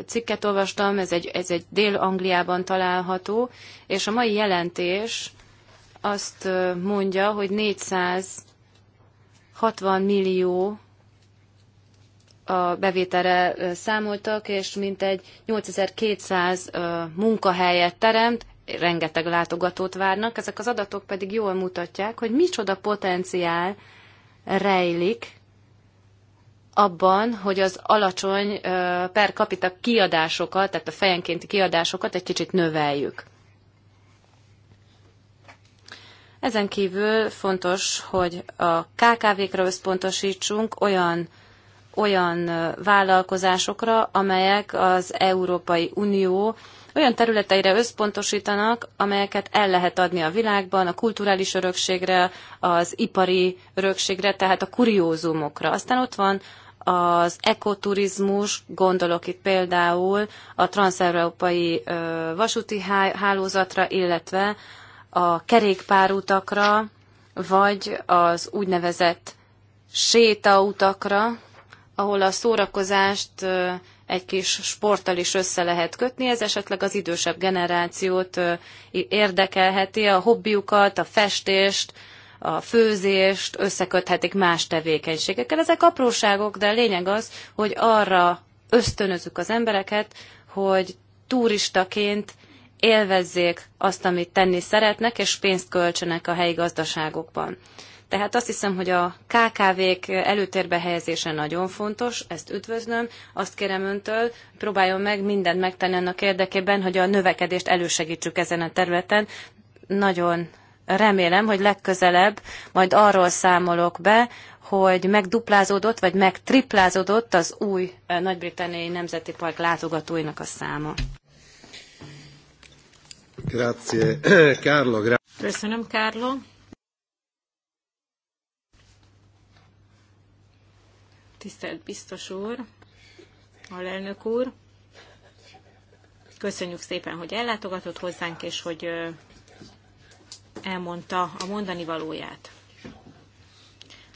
cikket olvastam, ez egy, ez egy Dél-Angliában található, és a mai jelentés azt mondja, hogy 400 60 millió a bevételre számoltak, és mintegy 8200 munkahelyet teremt, rengeteg látogatót várnak, ezek az adatok pedig jól mutatják, hogy micsoda potenciál rejlik abban, hogy az alacsony per capita kiadásokat, tehát a fejenkénti kiadásokat egy kicsit növeljük. Ezen kívül fontos, hogy a KKV-kra összpontosítsunk olyan olyan vállalkozásokra, amelyek az Európai Unió olyan területeire összpontosítanak, amelyeket el lehet adni a világban, a kulturális örökségre, az ipari örökségre, tehát a kuriózumokra. Aztán ott van az ekoturizmus, gondolok itt például a transeurópai vasúti hálózatra, illetve a kerékpárutakra, vagy az úgynevezett sétautakra, ahol a szórakozást egy kis sporttal is össze lehet kötni, ez esetleg az idősebb generációt érdekelheti, a hobbiukat, a festést, a főzést összeköthetik más tevékenységekkel. Ezek apróságok, de a lényeg az, hogy arra ösztönözzük az embereket, hogy turistaként élvezzék azt, amit tenni szeretnek, és pénzt költsenek a helyi gazdaságokban. Tehát azt hiszem, hogy a KKV-k előtérbe helyezése nagyon fontos, ezt üdvözlöm, azt kérem öntől, próbáljon meg mindent megtenni annak érdekében, hogy a növekedést elősegítsük ezen a területen. Nagyon remélem, hogy legközelebb majd arról számolok be, hogy megduplázódott, vagy megtriplázódott az új eh, Nagy-Britanniai Nemzeti Park látogatóinak a száma. Grazie, Carlo. Gra- Köszönöm, Carlo. Tisztelt biztos úr, alelnök úr, köszönjük szépen, hogy ellátogatott hozzánk, és hogy elmondta a mondani valóját.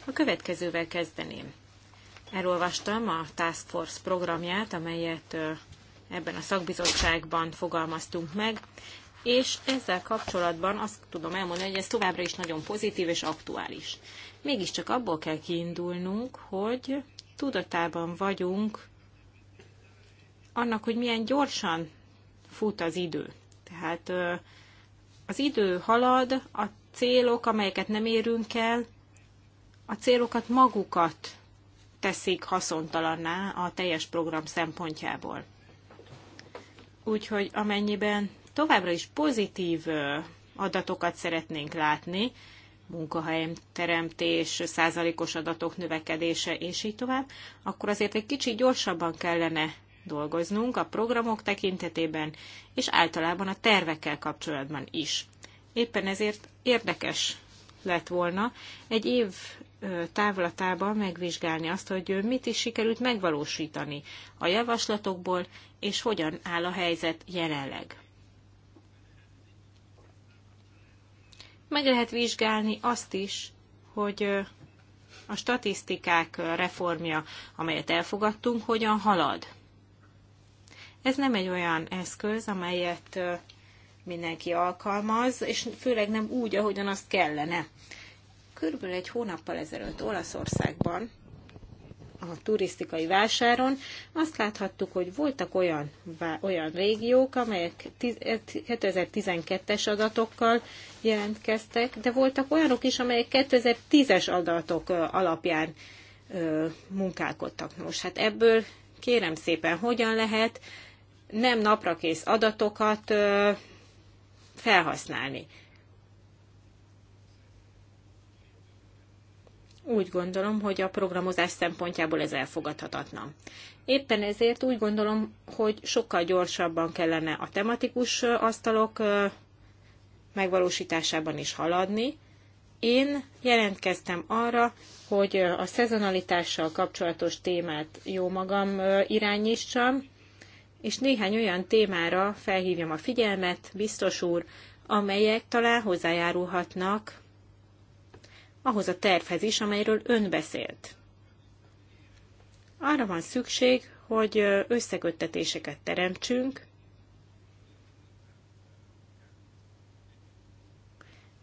A következővel kezdeném. Elolvastam a Task Force programját, amelyet ebben a szakbizottságban fogalmaztunk meg és ezzel kapcsolatban azt tudom elmondani, hogy ez továbbra is nagyon pozitív és aktuális. Mégiscsak abból kell kiindulnunk, hogy tudatában vagyunk annak, hogy milyen gyorsan fut az idő. Tehát az idő halad, a célok, amelyeket nem érünk el, a célokat magukat teszik haszontalanná a teljes program szempontjából. Úgyhogy amennyiben Továbbra is pozitív adatokat szeretnénk látni, munkahelyem teremtés, százalékos adatok növekedése, és így tovább, akkor azért egy kicsit gyorsabban kellene dolgoznunk a programok tekintetében, és általában a tervekkel kapcsolatban is. Éppen ezért érdekes lett volna egy év távlatában megvizsgálni azt, hogy mit is sikerült megvalósítani a javaslatokból, és hogyan áll a helyzet jelenleg. meg lehet vizsgálni azt is, hogy a statisztikák reformja, amelyet elfogadtunk, hogyan halad. Ez nem egy olyan eszköz, amelyet mindenki alkalmaz, és főleg nem úgy, ahogyan azt kellene. Körülbelül egy hónappal ezelőtt Olaszországban a turisztikai vásáron, azt láthattuk, hogy voltak olyan, olyan régiók, amelyek 2012-es eh, adatokkal jelentkeztek, de voltak olyanok is, amelyek 2010-es adatok eh, alapján eh, munkálkodtak. Nos, hát ebből kérem szépen, hogyan lehet nem naprakész adatokat felhasználni. úgy gondolom, hogy a programozás szempontjából ez elfogadhatatlan. Éppen ezért úgy gondolom, hogy sokkal gyorsabban kellene a tematikus asztalok megvalósításában is haladni. Én jelentkeztem arra, hogy a szezonalitással kapcsolatos témát jó magam irányítsam, és néhány olyan témára felhívjam a figyelmet, biztos úr, amelyek talán hozzájárulhatnak ahhoz a tervhez is, amelyről ön beszélt. Arra van szükség, hogy összeköttetéseket teremtsünk,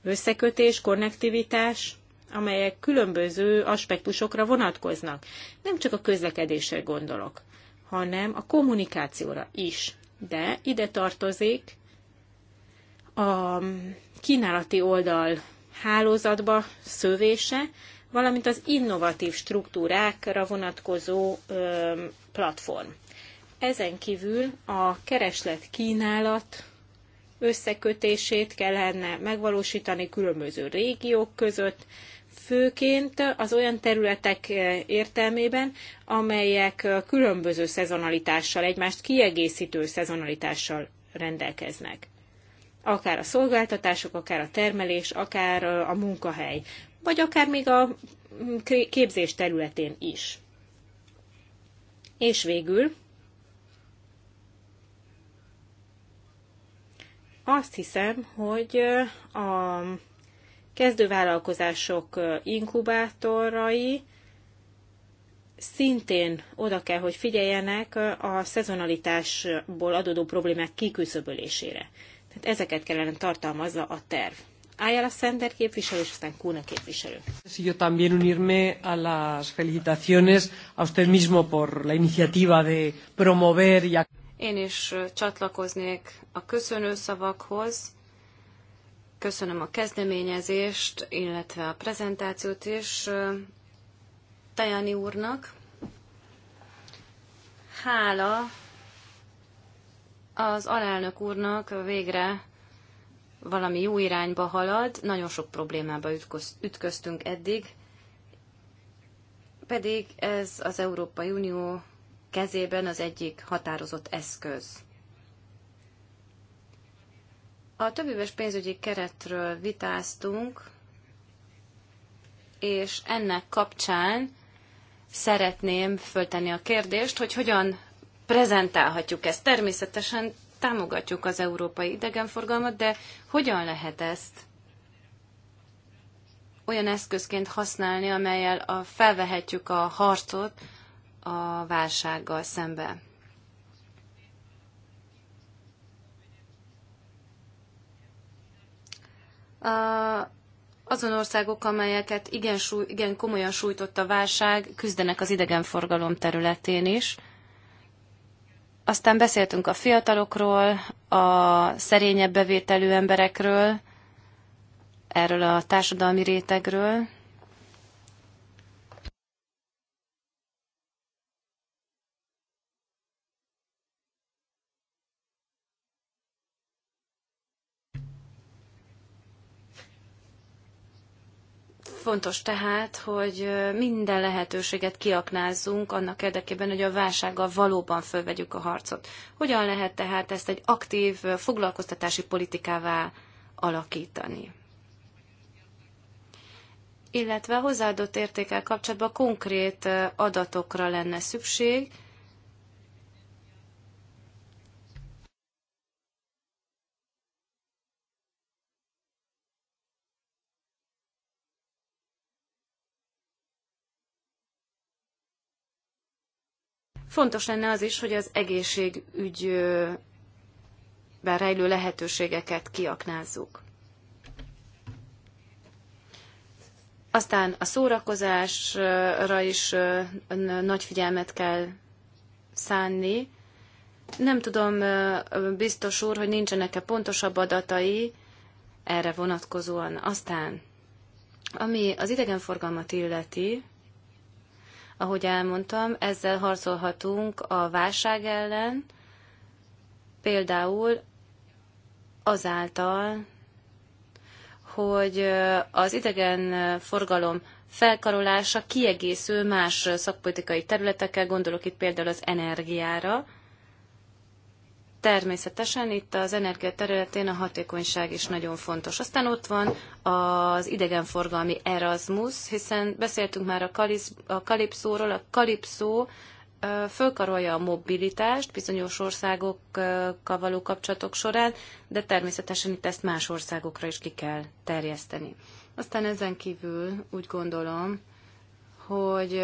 összekötés, konnektivitás, amelyek különböző aspektusokra vonatkoznak. Nem csak a közlekedésre gondolok, hanem a kommunikációra is. De ide tartozik a kínálati oldal hálózatba szövése, valamint az innovatív struktúrákra vonatkozó platform. Ezen kívül a kereslet-kínálat összekötését kellene megvalósítani különböző régiók között, főként az olyan területek értelmében, amelyek különböző szezonalitással, egymást kiegészítő szezonalitással rendelkeznek akár a szolgáltatások, akár a termelés, akár a munkahely, vagy akár még a mm, képzés területén is. És végül azt hiszem, hogy a kezdővállalkozások inkubátorai szintén oda kell, hogy figyeljenek a szezonalitásból adódó problémák kiküszöbölésére. Tehát ezeket kellene tartalmazza a terv. Ayala Sender képviselő, és aztán Kuna képviselő. Yo también unirme a las felicitaciones a usted mismo por la iniciativa de promover y... Én is csatlakoznék a köszönő szavakhoz. Köszönöm a kezdeményezést, illetve a prezentációt is Tajani úrnak. Hála az alelnök úrnak végre valami jó irányba halad, nagyon sok problémába ütköztünk eddig, pedig ez az Európai Unió kezében az egyik határozott eszköz. A többéves pénzügyi keretről vitáztunk, és ennek kapcsán szeretném föltenni a kérdést, hogy hogyan prezentálhatjuk ezt. Természetesen támogatjuk az európai idegenforgalmat, de hogyan lehet ezt olyan eszközként használni, amelyel a, felvehetjük a harcot a válsággal szembe? A, azon országok, amelyeket igen, súly, igen komolyan sújtott a válság, küzdenek az idegenforgalom területén is. Aztán beszéltünk a fiatalokról, a szerényebb bevételű emberekről, erről a társadalmi rétegről, Fontos tehát, hogy minden lehetőséget kiaknázzunk annak érdekében, hogy a válsággal valóban fölvegyük a harcot. Hogyan lehet tehát ezt egy aktív foglalkoztatási politikává alakítani? Illetve a hozzáadott értékkel kapcsolatban konkrét adatokra lenne szükség, Fontos lenne az is, hogy az egészségügyben rejlő lehetőségeket kiaknázzuk. Aztán a szórakozásra is nagy figyelmet kell szánni. Nem tudom biztos úr, hogy nincsenek-e pontosabb adatai erre vonatkozóan. Aztán, ami az idegenforgalmat illeti, ahogy elmondtam, ezzel harcolhatunk a válság ellen, például azáltal, hogy az idegen forgalom felkarolása kiegészül más szakpolitikai területekkel, gondolok itt például az energiára, Természetesen itt az energia területén a hatékonyság is nagyon fontos. Aztán ott van az idegenforgalmi Erasmus, hiszen beszéltünk már a, kalisz, a kalipszóról, a kalipszó fölkarolja a mobilitást bizonyos országokkal való kapcsolatok során, de természetesen itt ezt más országokra is ki kell terjeszteni. Aztán ezen kívül úgy gondolom, hogy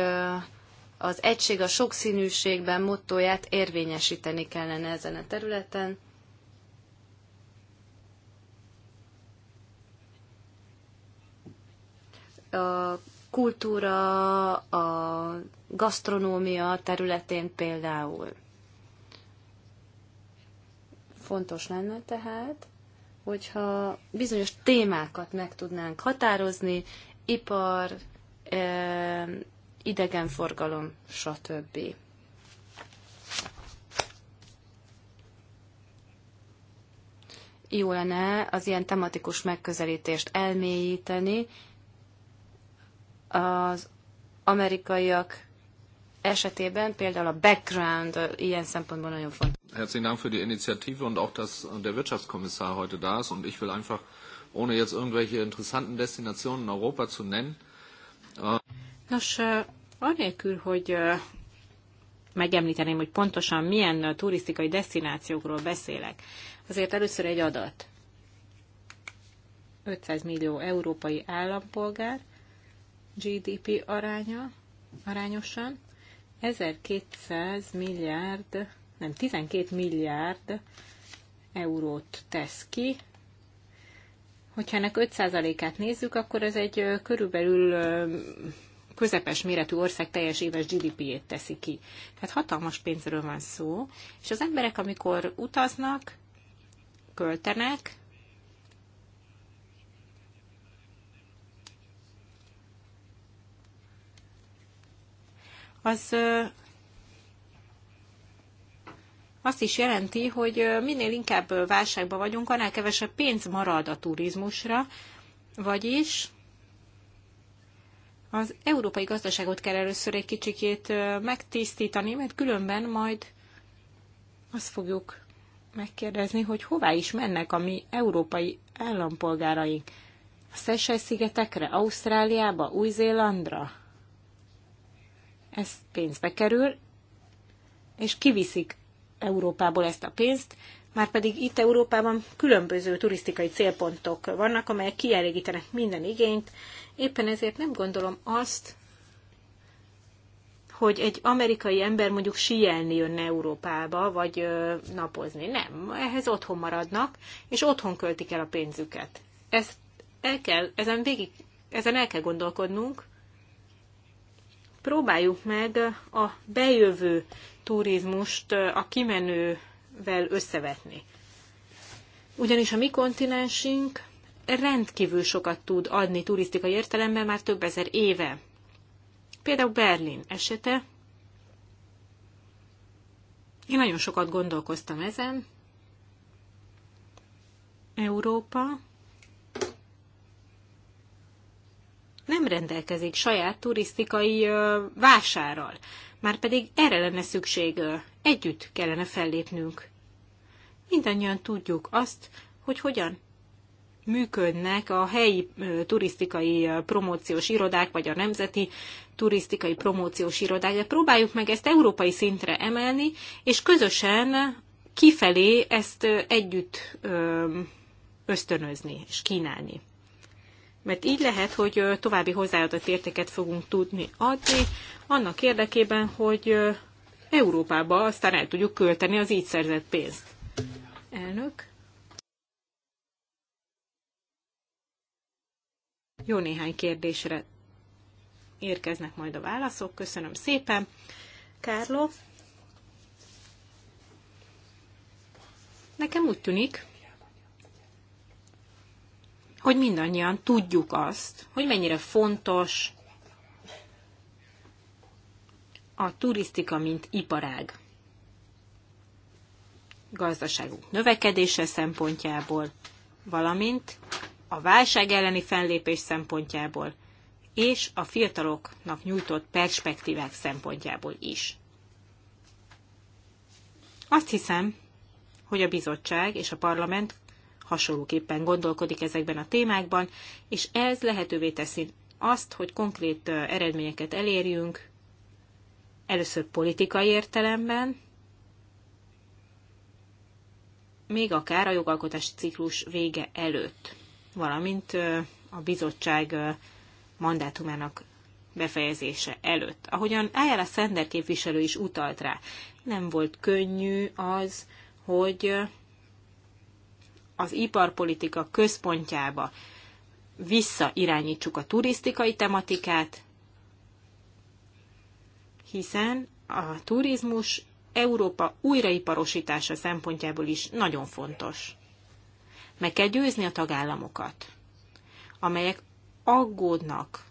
az egység a sokszínűségben mottóját érvényesíteni kellene ezen a területen. A kultúra, a gasztronómia területén például. Fontos lenne tehát, hogyha bizonyos témákat meg tudnánk határozni, ipar, eh, idegenforgalom, stb. Jó lenne az ilyen tematikus megközelítést elmélyíteni. Az amerikaiak esetében például a background ilyen szempontból nagyon fontos. Herzlichen Dank für die Initiative und auch, dass der Wirtschaftskommissar heute da ist. Und ich will einfach, ohne jetzt irgendwelche interessanten Destinationen in Europa zu nennen. Äh, Nos, Anélkül, hogy megemlíteném, hogy pontosan milyen turisztikai destinációkról beszélek, azért először egy adat. 500 millió európai állampolgár GDP aránya, arányosan, 1200 milliárd, nem 12 milliárd eurót tesz ki. Hogyha ennek 5%-át nézzük, akkor ez egy körülbelül közepes méretű ország teljes éves GDP-jét teszi ki. Tehát hatalmas pénzről van szó, és az emberek, amikor utaznak, költenek, az azt is jelenti, hogy minél inkább válságban vagyunk, annál kevesebb pénz marad a turizmusra, vagyis az európai gazdaságot kell először egy kicsikét megtisztítani, mert különben majd azt fogjuk megkérdezni, hogy hová is mennek a mi európai állampolgáraink. A Szesely-szigetekre, Ausztráliába, Új-Zélandra? Ez pénzbe kerül, és kiviszik Európából ezt a pénzt, Márpedig itt Európában különböző turisztikai célpontok vannak, amelyek kielégítenek minden igényt. Éppen ezért nem gondolom azt, hogy egy amerikai ember mondjuk síelni jönne Európába, vagy ö, napozni. Nem, ehhez otthon maradnak, és otthon költik el a pénzüket. Ezt el kell, ezen, végig, ezen el kell gondolkodnunk. Próbáljuk meg a bejövő turizmust a kimenő vel összevetni. Ugyanis a mi kontinensünk rendkívül sokat tud adni turisztikai értelemben már több ezer éve. Például Berlin esete. Én nagyon sokat gondolkoztam ezen. Európa nem rendelkezik saját turisztikai vásárral. Márpedig erre lenne szükség, együtt kellene fellépnünk. Mindannyian tudjuk azt, hogy hogyan működnek a helyi turisztikai promóciós irodák, vagy a nemzeti turisztikai promóciós irodák, de próbáljuk meg ezt európai szintre emelni, és közösen kifelé ezt együtt ösztönözni és kínálni mert így lehet, hogy további hozzáadott értéket fogunk tudni adni, annak érdekében, hogy Európába aztán el tudjuk költeni az így szerzett pénzt. Elnök. Jó néhány kérdésre érkeznek majd a válaszok. Köszönöm szépen. Kárló. Nekem úgy tűnik, hogy mindannyian tudjuk azt, hogy mennyire fontos a turisztika, mint iparág gazdaságunk növekedése szempontjából, valamint a válság elleni fellépés szempontjából, és a fiataloknak nyújtott perspektívák szempontjából is. Azt hiszem, hogy a bizottság és a parlament hasonlóképpen gondolkodik ezekben a témákban, és ez lehetővé teszi azt, hogy konkrét eredményeket elérjünk, először politikai értelemben, még akár a jogalkotási ciklus vége előtt, valamint a bizottság mandátumának befejezése előtt. Ahogyan Ayala Sender képviselő is utalt rá, nem volt könnyű az, hogy az iparpolitika központjába visszairányítsuk a turisztikai tematikát, hiszen a turizmus Európa újraiparosítása szempontjából is nagyon fontos. Meg kell győzni a tagállamokat, amelyek aggódnak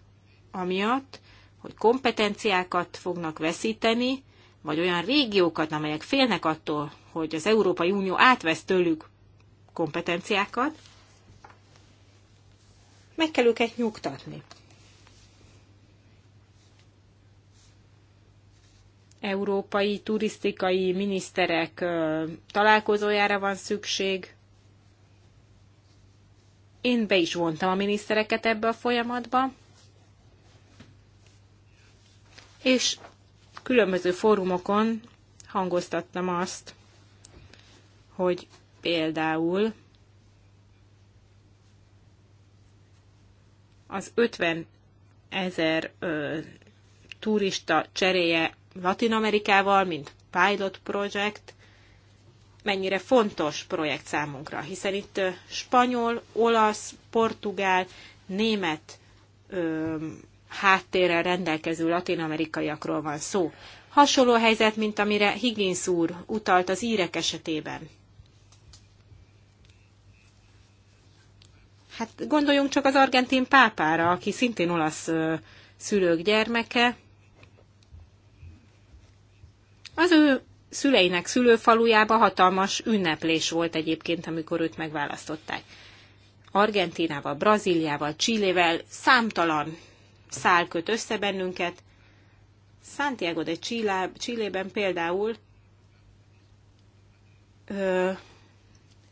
amiatt, hogy kompetenciákat fognak veszíteni, vagy olyan régiókat, amelyek félnek attól, hogy az Európai Unió átvesz tőlük kompetenciákat, meg kell őket nyugtatni. Európai turisztikai miniszterek találkozójára van szükség. Én be is vontam a minisztereket ebbe a folyamatba, és különböző fórumokon hangoztattam azt, hogy például az 50 ezer turista cseréje Latin Amerikával, mint pilot project, mennyire fontos projekt számunkra, hiszen itt spanyol, olasz, portugál, német ö, háttérrel rendelkező latin-amerikaiakról van szó. Hasonló helyzet, mint amire Higgins úr utalt az írek esetében. Hát gondoljunk csak az argentin pápára, aki szintén olasz szülők gyermeke. Az ő szüleinek szülőfalujába hatalmas ünneplés volt egyébként, amikor őt megválasztották. Argentinával, Brazíliával, Csillével számtalan szál köt össze bennünket. Santiago de Chile, Chilében például ö,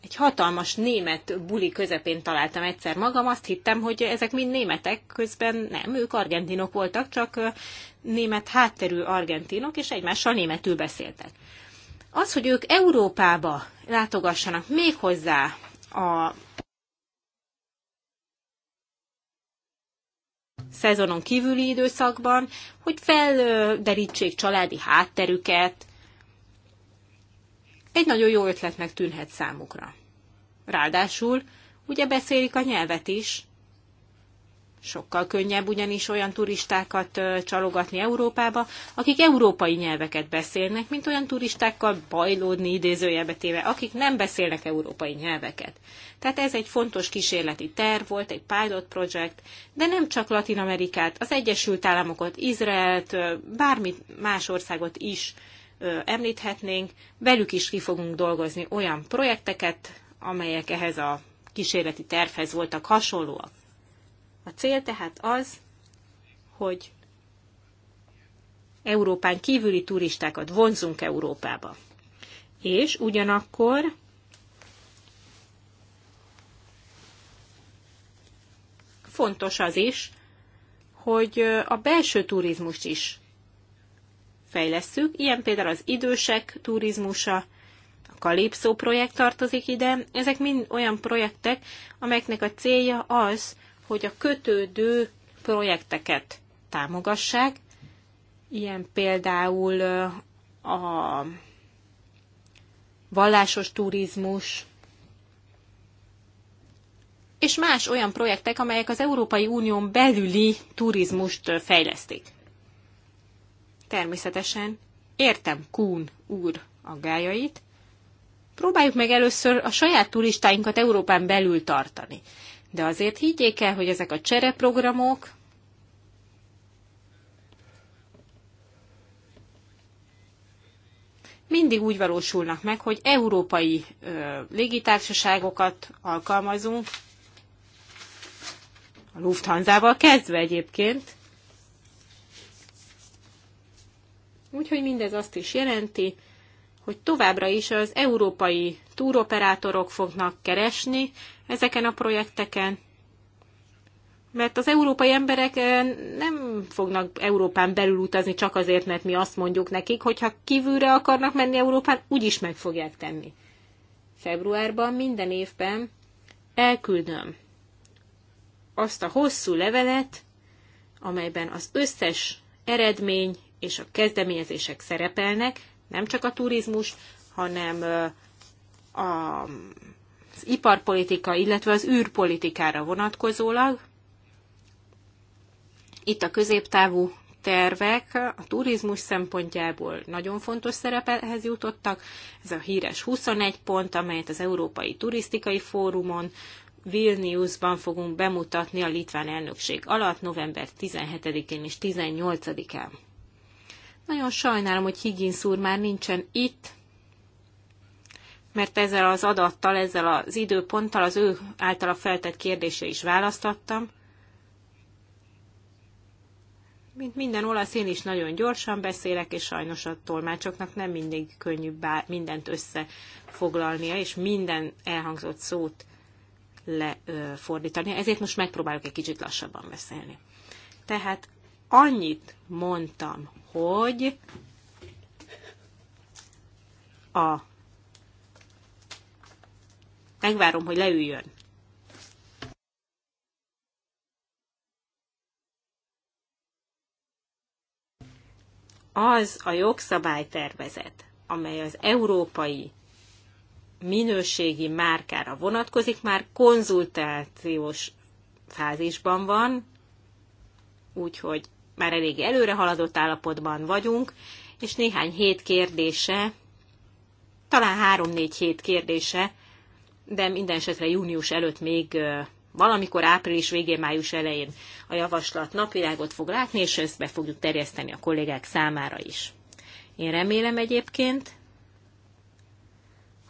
egy hatalmas német buli közepén találtam egyszer magam, azt hittem, hogy ezek mind németek, közben nem, ők argentinok voltak, csak német hátterű argentinok, és egymással németül beszéltek. Az, hogy ők Európába látogassanak még hozzá a szezonon kívüli időszakban, hogy felderítsék családi hátterüket, egy nagyon jó ötletnek tűnhet számukra. Ráadásul ugye beszélik a nyelvet is, sokkal könnyebb ugyanis olyan turistákat csalogatni Európába, akik európai nyelveket beszélnek, mint olyan turistákkal bajlódni idézőjelbe téve, akik nem beszélnek európai nyelveket. Tehát ez egy fontos kísérleti terv volt, egy pilot project, de nem csak Latin Amerikát, az Egyesült Államokat, Izraelt, bármit más országot is említhetnénk, velük is ki fogunk dolgozni olyan projekteket, amelyek ehhez a kísérleti tervhez voltak hasonlóak. A cél tehát az, hogy Európán kívüli turistákat vonzunk Európába. És ugyanakkor fontos az is, hogy a belső turizmust is fejlesszük, ilyen például az idősek turizmusa, a Kalipszó projekt tartozik ide. Ezek mind olyan projektek, amelyeknek a célja az, hogy a kötődő projekteket támogassák, ilyen például a vallásos turizmus, és más olyan projektek, amelyek az Európai Unión belüli turizmust fejlesztik. Természetesen értem Kún úr aggájait. Próbáljuk meg először a saját turistáinkat Európán belül tartani. De azért higgyék el, hogy ezek a csereprogramok mindig úgy valósulnak meg, hogy európai ö, légitársaságokat alkalmazunk, a Lufthansa-val kezdve egyébként, Úgyhogy mindez azt is jelenti, hogy továbbra is az európai túroperátorok fognak keresni ezeken a projekteken, mert az európai emberek eh, nem fognak Európán belül utazni csak azért, mert mi azt mondjuk nekik, hogy ha kívülre akarnak menni Európán, úgyis meg fogják tenni. Februárban minden évben elküldöm azt a hosszú levelet, amelyben az összes eredmény és a kezdeményezések szerepelnek, nem csak a turizmus, hanem a, az iparpolitika, illetve az űrpolitikára vonatkozólag. Itt a középtávú tervek a turizmus szempontjából nagyon fontos szerephez jutottak. Ez a híres 21 pont, amelyet az Európai Turisztikai Fórumon Vilniusban fogunk bemutatni a litván elnökség alatt november 17-én és 18-án. Nagyon sajnálom, hogy Higgins úr már nincsen itt, mert ezzel az adattal, ezzel az időponttal az ő általa feltett kérdése is választottam. Mint minden olasz, én is nagyon gyorsan beszélek, és sajnos a tolmácsoknak nem mindig könnyű bár, mindent összefoglalnia, és minden elhangzott szót lefordítani. Ezért most megpróbálok egy kicsit lassabban beszélni. Tehát annyit mondtam, hogy a megvárom, hogy leüljön. Az a jogszabálytervezet, amely az európai minőségi márkára vonatkozik, már konzultációs fázisban van, úgyhogy már elég előre haladott állapotban vagyunk, és néhány hét kérdése, talán három-négy hét kérdése, de minden esetre június előtt még valamikor április végén, május elején a javaslat napvilágot fog látni, és ezt be fogjuk terjeszteni a kollégák számára is. Én remélem egyébként,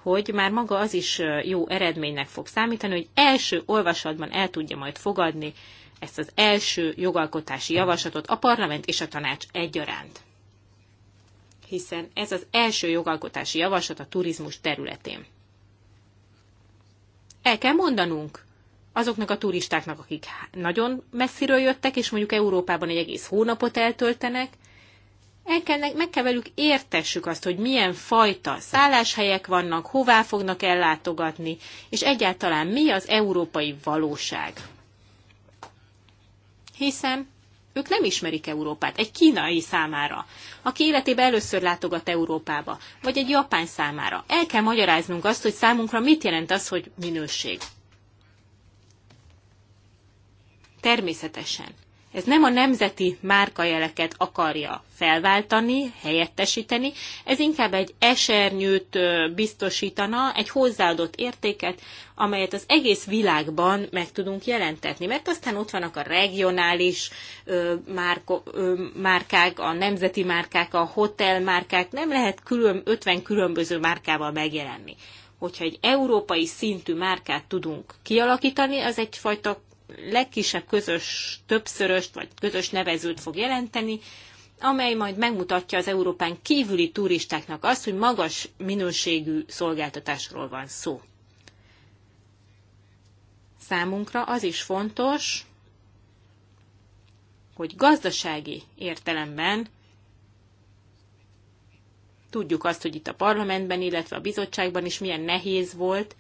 hogy már maga az is jó eredménynek fog számítani, hogy első olvasatban el tudja majd fogadni ezt az első jogalkotási javaslatot a parlament és a tanács egyaránt. Hiszen ez az első jogalkotási javaslat a turizmus területén. El kell mondanunk azoknak a turistáknak, akik nagyon messziről jöttek, és mondjuk Európában egy egész hónapot eltöltenek, el kell, meg kell velük értessük azt, hogy milyen fajta szálláshelyek vannak, hová fognak ellátogatni, és egyáltalán mi az európai valóság hiszen ők nem ismerik Európát. Egy kínai számára, aki életében először látogat Európába, vagy egy japán számára. El kell magyaráznunk azt, hogy számunkra mit jelent az, hogy minőség. Természetesen ez nem a nemzeti márkajeleket akarja felváltani, helyettesíteni, ez inkább egy esernyőt biztosítana, egy hozzáadott értéket, amelyet az egész világban meg tudunk jelentetni. Mert aztán ott vannak a regionális ö, márko, ö, márkák, a nemzeti márkák, a hotel márkák, nem lehet külön, 50 különböző márkával megjelenni hogyha egy európai szintű márkát tudunk kialakítani, az egyfajta legkisebb közös többszöröst vagy közös nevezőt fog jelenteni, amely majd megmutatja az Európán kívüli turistáknak azt, hogy magas minőségű szolgáltatásról van szó. Számunkra az is fontos, hogy gazdasági értelemben tudjuk azt, hogy itt a parlamentben, illetve a bizottságban is milyen nehéz volt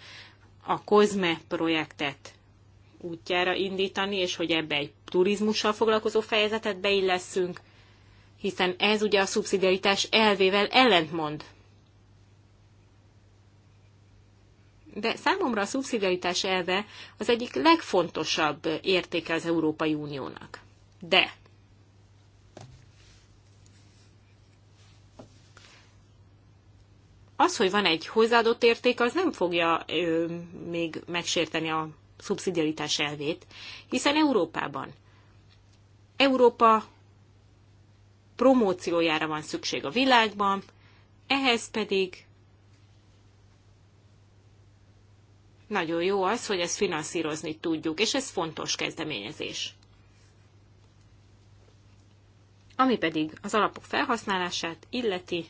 a COSME projektet útjára indítani, és hogy ebbe egy turizmussal foglalkozó fejezetet beilleszünk, hiszen ez ugye a szubszidiaritás elvével ellentmond. De számomra a szubszidiaritás elve az egyik legfontosabb értéke az Európai Uniónak. De az, hogy van egy hozzáadott érték, az nem fogja ö, még megsérteni a szubszidiaritás elvét, hiszen Európában Európa promóciójára van szükség a világban, ehhez pedig nagyon jó az, hogy ezt finanszírozni tudjuk, és ez fontos kezdeményezés. Ami pedig az alapok felhasználását illeti,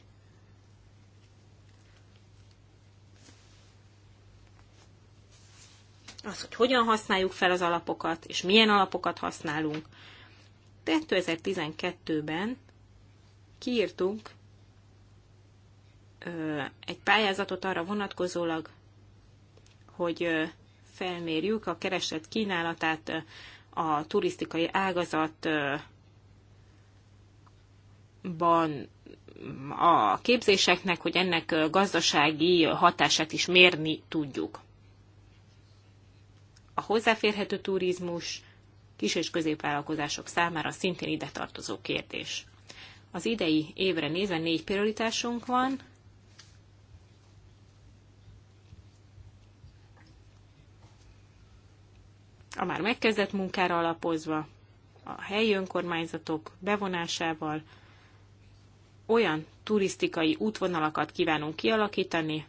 az, hogy hogyan használjuk fel az alapokat, és milyen alapokat használunk. 2012-ben kiírtunk ö, egy pályázatot arra vonatkozólag, hogy ö, felmérjük a keresett kínálatát ö, a turisztikai ágazatban, a képzéseknek, hogy ennek gazdasági hatását is mérni tudjuk a hozzáférhető turizmus kis- és középvállalkozások számára szintén ide tartozó kérdés. Az idei évre nézve négy prioritásunk van, a már megkezdett munkára alapozva, a helyi önkormányzatok bevonásával olyan turisztikai útvonalakat kívánunk kialakítani,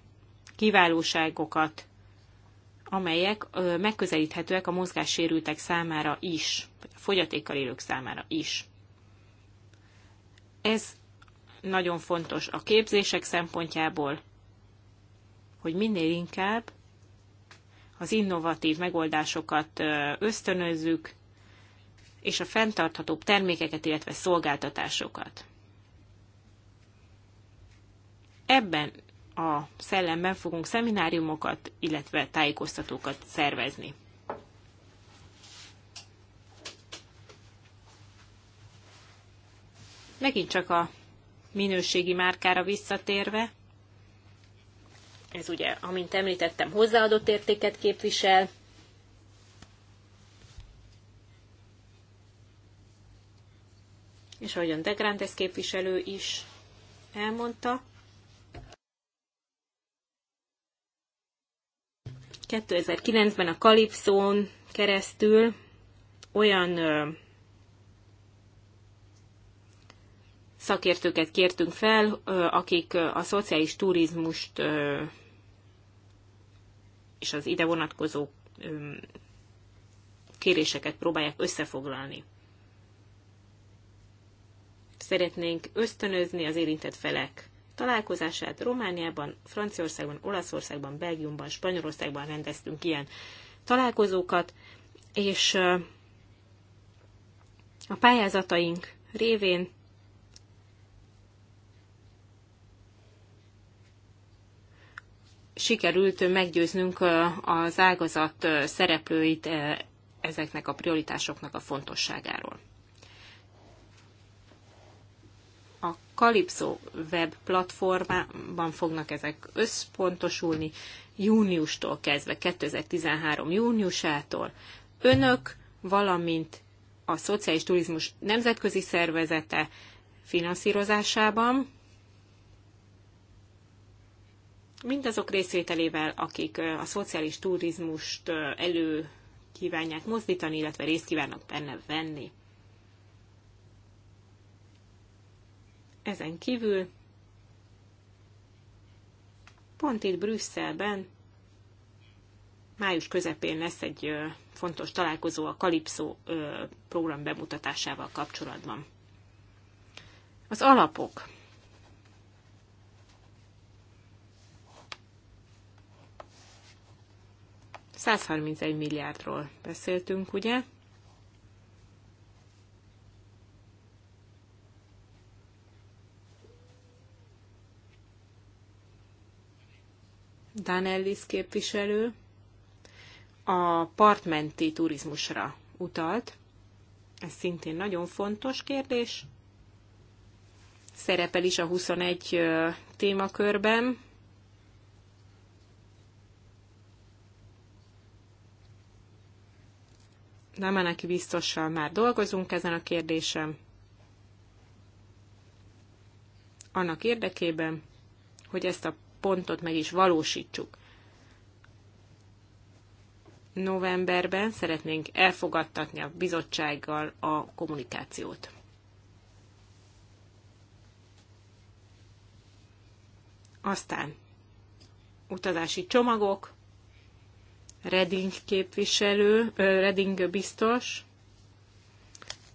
kiválóságokat, amelyek megközelíthetőek a mozgássérültek számára is, a fogyatékkal élők számára is. Ez nagyon fontos a képzések szempontjából, hogy minél inkább az innovatív megoldásokat ösztönözzük, és a fenntarthatóbb termékeket, illetve szolgáltatásokat. Ebben a szellemben fogunk szemináriumokat, illetve tájékoztatókat szervezni. Megint csak a minőségi márkára visszatérve, ez ugye, amint említettem, hozzáadott értéket képvisel, és ahogyan De képviselő is elmondta, 2009-ben a Kalipszón keresztül olyan szakértőket kértünk fel, akik a szociális turizmust és az ide vonatkozó kéréseket próbálják összefoglalni. Szeretnénk ösztönözni az érintett felek találkozását Romániában, Franciaországban, Olaszországban, Belgiumban, Spanyolországban rendeztünk ilyen találkozókat, és a pályázataink révén sikerült meggyőznünk az ágazat szereplőit ezeknek a prioritásoknak a fontosságáról. Kalipszó web platformában fognak ezek összpontosulni júniustól kezdve, 2013 júniusától. Önök, valamint a Szociális Turizmus Nemzetközi Szervezete finanszírozásában, mindazok részvételével, akik a szociális turizmust elő kívánják mozdítani, illetve részt kívánnak benne venni. Ezen kívül pont itt Brüsszelben május közepén lesz egy fontos találkozó a Kalipszó program bemutatásával kapcsolatban. Az alapok. 131 milliárdról beszéltünk, ugye? Ellis képviselő a partmenti turizmusra utalt. Ez szintén nagyon fontos kérdés. Szerepel is a 21 témakörben. Nem neki biztosan már dolgozunk ezen a kérdésen. Annak érdekében, hogy ezt a pontot meg is valósítsuk. Novemberben szeretnénk elfogadtatni a bizottsággal a kommunikációt. Aztán utazási csomagok, Reding képviselő, Reding biztos,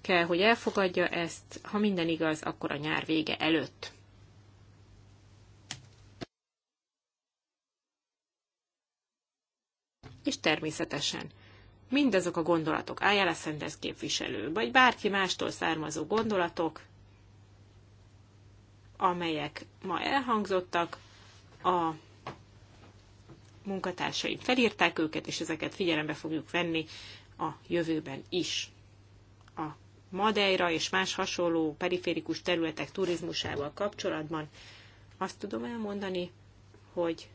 kell, hogy elfogadja ezt, ha minden igaz, akkor a nyár vége előtt. és természetesen mindazok a gondolatok, Ayala Sanders képviselő, vagy bárki mástól származó gondolatok, amelyek ma elhangzottak, a munkatársaim felírták őket, és ezeket figyelembe fogjuk venni a jövőben is. A Madeira és más hasonló periférikus területek turizmusával kapcsolatban azt tudom elmondani, hogy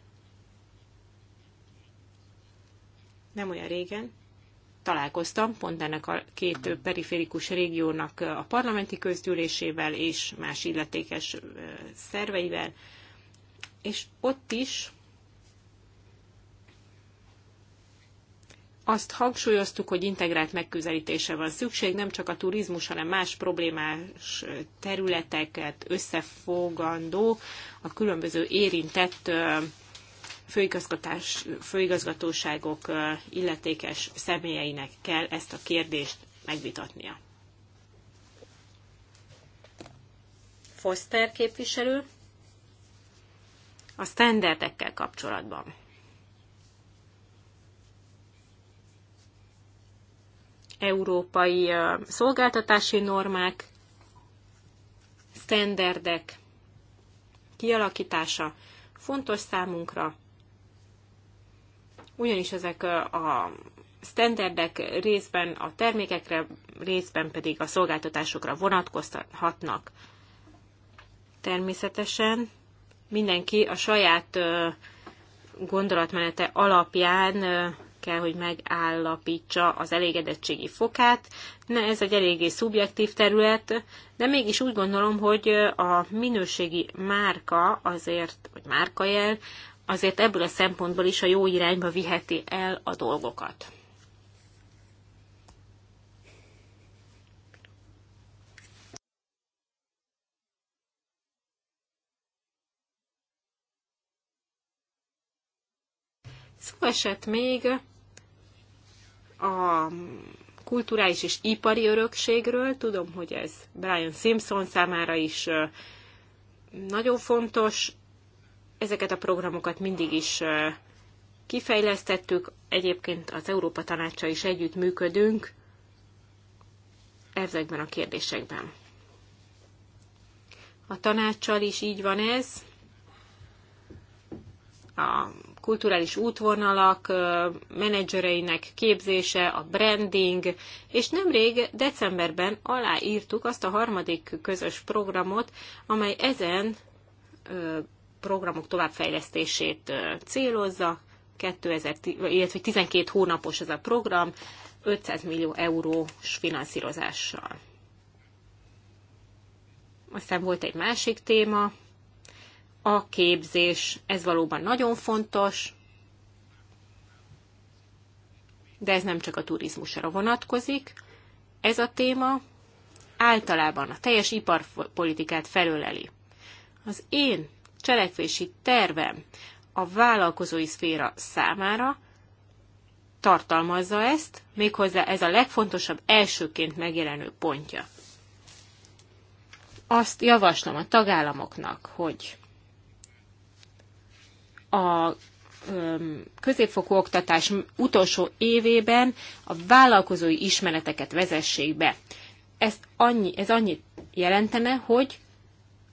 nem olyan régen találkoztam pont ennek a két periférikus régiónak a parlamenti közgyűlésével és más illetékes szerveivel, és ott is azt hangsúlyoztuk, hogy integrált megközelítése van szükség, nem csak a turizmus, hanem más problémás területeket összefogandó a különböző érintett főigazgatás, főigazgatóságok illetékes személyeinek kell ezt a kérdést megvitatnia. Foster képviselő a standardekkel kapcsolatban. Európai szolgáltatási normák, standardek kialakítása fontos számunkra, ugyanis ezek a standardek részben a termékekre, részben pedig a szolgáltatásokra vonatkozhatnak. Természetesen mindenki a saját gondolatmenete alapján kell, hogy megállapítsa az elégedettségi fokát. Na, ez egy eléggé szubjektív terület, de mégis úgy gondolom, hogy a minőségi márka azért, vagy márkajel azért ebből a szempontból is a jó irányba viheti el a dolgokat. Szó esett még a kulturális és ipari örökségről. Tudom, hogy ez Brian Simpson számára is nagyon fontos, Ezeket a programokat mindig is kifejlesztettük, egyébként az Európa Tanácsa is együtt működünk ezekben a kérdésekben. A tanácssal is így van ez. A kulturális útvonalak menedzsereinek képzése, a branding, és nemrég decemberben aláírtuk azt a harmadik közös programot, amely ezen programok továbbfejlesztését célozza, 2000, illetve 12 hónapos ez a program, 500 millió eurós finanszírozással. Aztán volt egy másik téma, a képzés. Ez valóban nagyon fontos, de ez nem csak a turizmusra vonatkozik. Ez a téma általában a teljes iparpolitikát felöleli. Az én cselekvési tervem a vállalkozói szféra számára tartalmazza ezt, méghozzá ez a legfontosabb elsőként megjelenő pontja. Azt javaslom a tagállamoknak, hogy a középfokú oktatás utolsó évében a vállalkozói ismereteket vezessék be. Ez, annyi, ez annyit jelentene, hogy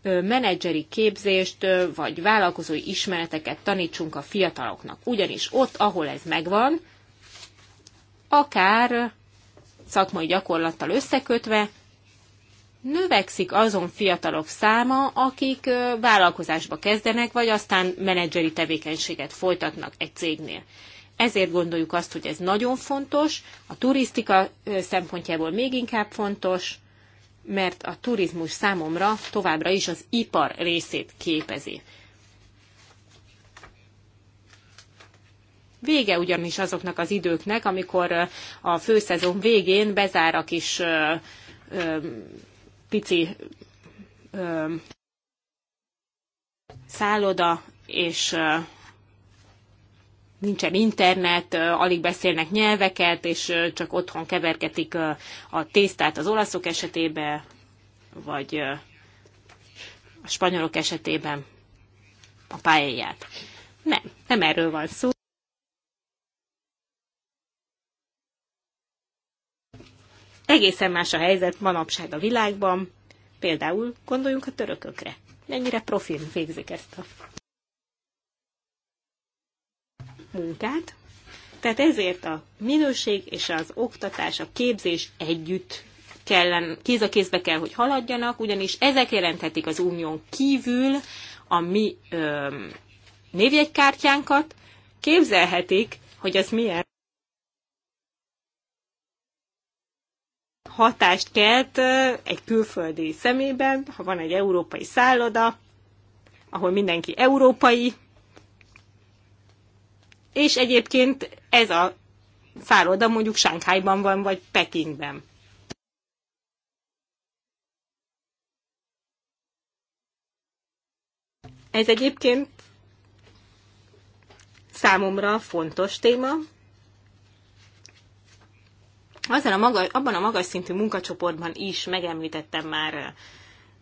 menedzseri képzést, vagy vállalkozói ismereteket tanítsunk a fiataloknak. Ugyanis ott, ahol ez megvan, akár szakmai gyakorlattal összekötve, növekszik azon fiatalok száma, akik vállalkozásba kezdenek, vagy aztán menedzseri tevékenységet folytatnak egy cégnél. Ezért gondoljuk azt, hogy ez nagyon fontos, a turisztika szempontjából még inkább fontos, mert a turizmus számomra továbbra is az ipar részét képezi. Vége ugyanis azoknak az időknek, amikor a főszezon végén bezár a kis ö, ö, pici ö, szálloda, és nincsen internet, alig beszélnek nyelveket, és csak otthon kevergetik a tésztát az olaszok esetében, vagy a spanyolok esetében a pályáját. Nem, nem erről van szó. Egészen más a helyzet manapság a világban. Például gondoljunk a törökökre. Mennyire profil végzik ezt a munkát. Tehát ezért a minőség és az oktatás, a képzés együtt kellen, kéz a kézbe kell, hogy haladjanak, ugyanis ezek jelenthetik az unión kívül a mi ö, névjegykártyánkat, képzelhetik, hogy az milyen hatást kelt egy külföldi szemében, ha van egy európai szálloda, ahol mindenki európai, és egyébként ez a szálloda mondjuk Sánkhájban van, vagy Pekingben. Ez egyébként számomra fontos téma. Azzal a maga, abban a magas szintű munkacsoportban is megemlítettem már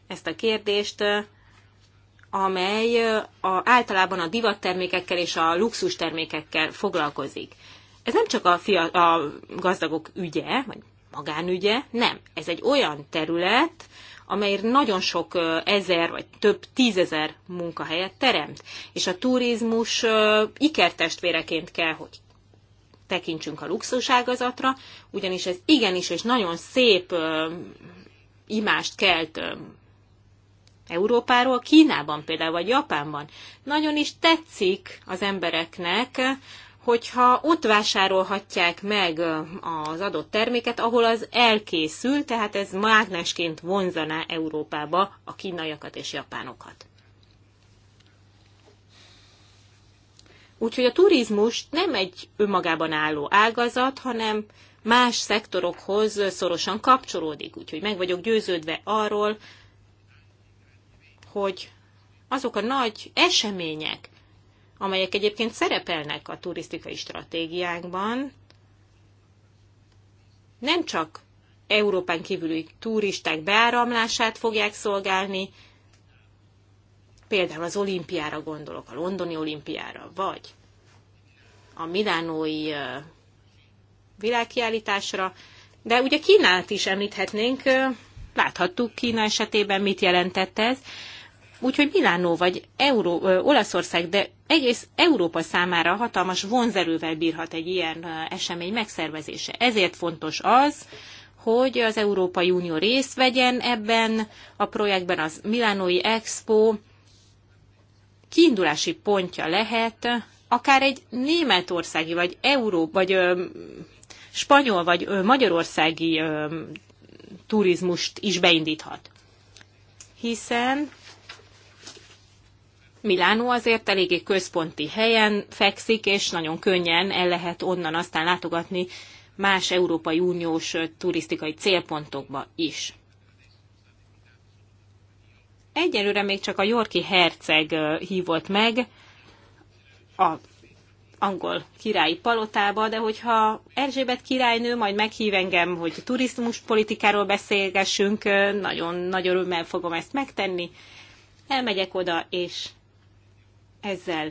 ezt a kérdést amely a, általában a divattermékekkel és a termékekkel foglalkozik. Ez nem csak a, fia, a gazdagok ügye, vagy magánügye, nem. Ez egy olyan terület, amely nagyon sok ezer vagy több tízezer munkahelyet teremt. És a turizmus ikertestvéreként kell, hogy tekintsünk a luxuságazatra, ugyanis ez igenis és nagyon szép imást kelt Európáról, Kínában például, vagy Japánban. Nagyon is tetszik az embereknek, hogyha ott vásárolhatják meg az adott terméket, ahol az elkészül, tehát ez mágnesként vonzaná Európába a kínaiakat és japánokat. Úgyhogy a turizmus nem egy önmagában álló ágazat, hanem más szektorokhoz szorosan kapcsolódik. Úgyhogy meg vagyok győződve arról, hogy azok a nagy események, amelyek egyébként szerepelnek a turisztikai stratégiákban, nem csak Európán kívüli turisták beáramlását fogják szolgálni, például az olimpiára gondolok, a londoni olimpiára, vagy a milánói világkiállításra, de ugye Kínát is említhetnénk, láthattuk Kína esetében, mit jelentett ez, Úgyhogy Milánó vagy Euró, ö, Olaszország, de egész Európa számára hatalmas vonzerővel bírhat egy ilyen esemény megszervezése. Ezért fontos az, hogy az Európai Unió részt vegyen ebben a projektben, az Milánói Expo kiindulási pontja lehet, akár egy németországi, vagy euró, vagy ö, spanyol, vagy ö, magyarországi ö, turizmust is beindíthat. Hiszen Milánó azért eléggé központi helyen fekszik, és nagyon könnyen el lehet onnan aztán látogatni más Európai Uniós turisztikai célpontokba is. Egyelőre még csak a Yorki herceg hívott meg a angol királyi palotába, de hogyha Erzsébet királynő majd meghív engem, hogy turizmus politikáról beszélgessünk, nagyon nagy örömmel fogom ezt megtenni. Elmegyek oda, és ezzel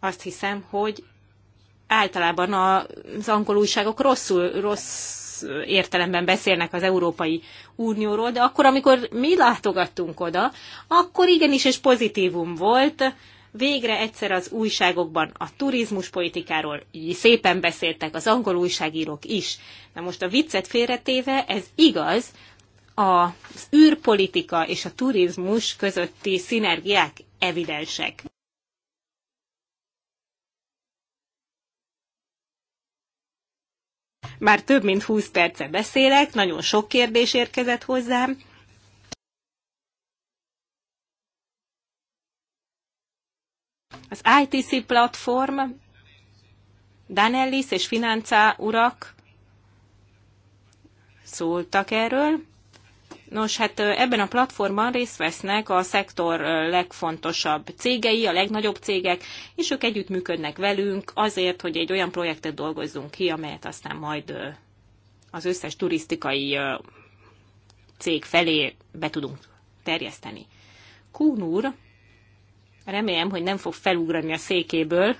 azt hiszem, hogy általában az angol újságok rosszul, rossz értelemben beszélnek az Európai Unióról, de akkor, amikor mi látogattunk oda, akkor igenis és pozitívum volt, végre egyszer az újságokban a turizmus politikáról szépen beszéltek az angol újságírók is. Na most a viccet félretéve, ez igaz, az űrpolitika és a turizmus közötti szinergiák evidensek. Már több mint 20 perce beszélek, nagyon sok kérdés érkezett hozzám. Az ITC platform, Danellis és Financa urak szóltak erről. Nos, hát ebben a platformban részt vesznek a szektor legfontosabb cégei, a legnagyobb cégek, és ők együttműködnek velünk azért, hogy egy olyan projektet dolgozzunk ki, amelyet aztán majd az összes turisztikai cég felé be tudunk terjeszteni. Kún úr, remélem, hogy nem fog felugrani a székéből.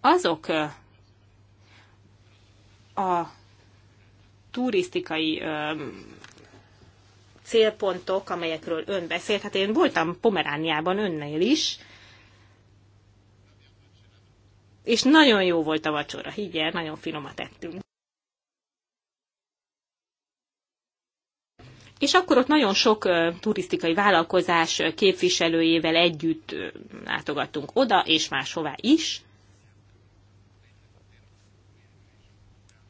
Azok a turisztikai célpontok, amelyekről ön beszélt. Hát én voltam Pomerániában önnél is, és nagyon jó volt a vacsora, higgyel, nagyon finomat ettünk. És akkor ott nagyon sok turisztikai vállalkozás képviselőjével együtt látogattunk oda és máshová is.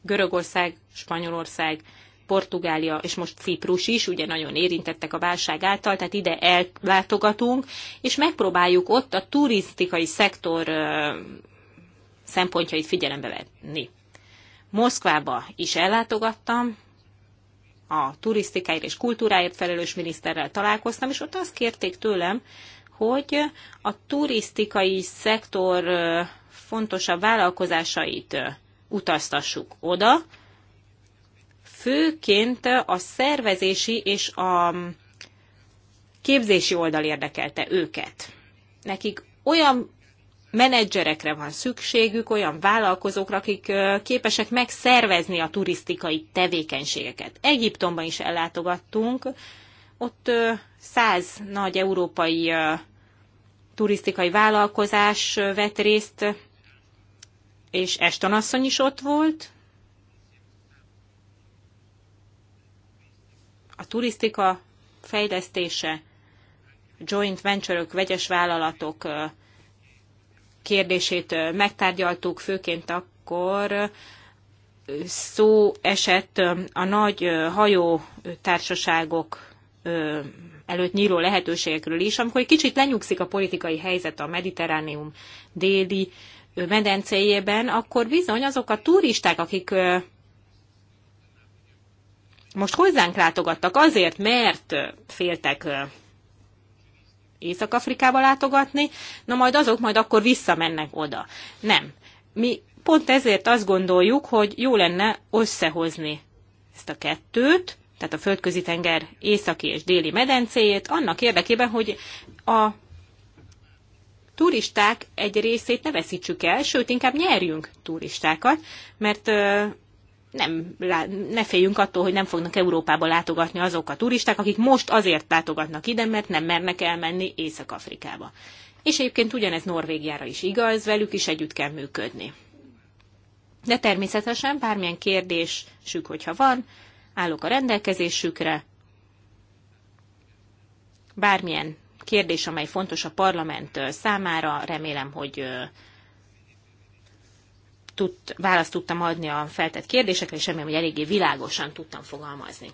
Görögország, Spanyolország, Portugália és most Ciprus is, ugye nagyon érintettek a válság által, tehát ide ellátogatunk, és megpróbáljuk ott a turisztikai szektor szempontjait figyelembe venni. Moszkvába is ellátogattam, a turisztikáért és kultúráért felelős miniszterrel találkoztam, és ott azt kérték tőlem, hogy a turisztikai szektor fontosabb vállalkozásait utaztassuk oda, főként a szervezési és a képzési oldal érdekelte őket. Nekik olyan menedzserekre van szükségük, olyan vállalkozókra, akik képesek megszervezni a turisztikai tevékenységeket. Egyiptomban is ellátogattunk, ott száz nagy európai turisztikai vállalkozás vett részt és Eston asszony is ott volt. A turisztika fejlesztése, joint venture vegyes vállalatok kérdését megtárgyaltuk, főként akkor szó esett a nagy hajó társaságok előtt nyíló lehetőségekről is, amikor egy kicsit lenyugszik a politikai helyzet a Mediterránium déli medencéjében, akkor bizony azok a turisták, akik most hozzánk látogattak azért, mert féltek Észak-Afrikába látogatni, na majd azok majd akkor visszamennek oda. Nem. Mi pont ezért azt gondoljuk, hogy jó lenne összehozni ezt a kettőt, tehát a földközi tenger északi és déli medencéjét, annak érdekében, hogy a turisták egy részét ne veszítsük el, sőt, inkább nyerjünk turistákat, mert nem, ne féljünk attól, hogy nem fognak Európába látogatni azok a turisták, akik most azért látogatnak ide, mert nem mernek elmenni Észak-Afrikába. És egyébként ugyanez Norvégiára is igaz, velük is együtt kell működni. De természetesen bármilyen kérdésük, hogyha van, állok a rendelkezésükre, bármilyen kérdés, amely fontos a parlament számára. Remélem, hogy tud, választ tudtam adni a feltett kérdésekre, és remélem, hogy eléggé világosan tudtam fogalmazni.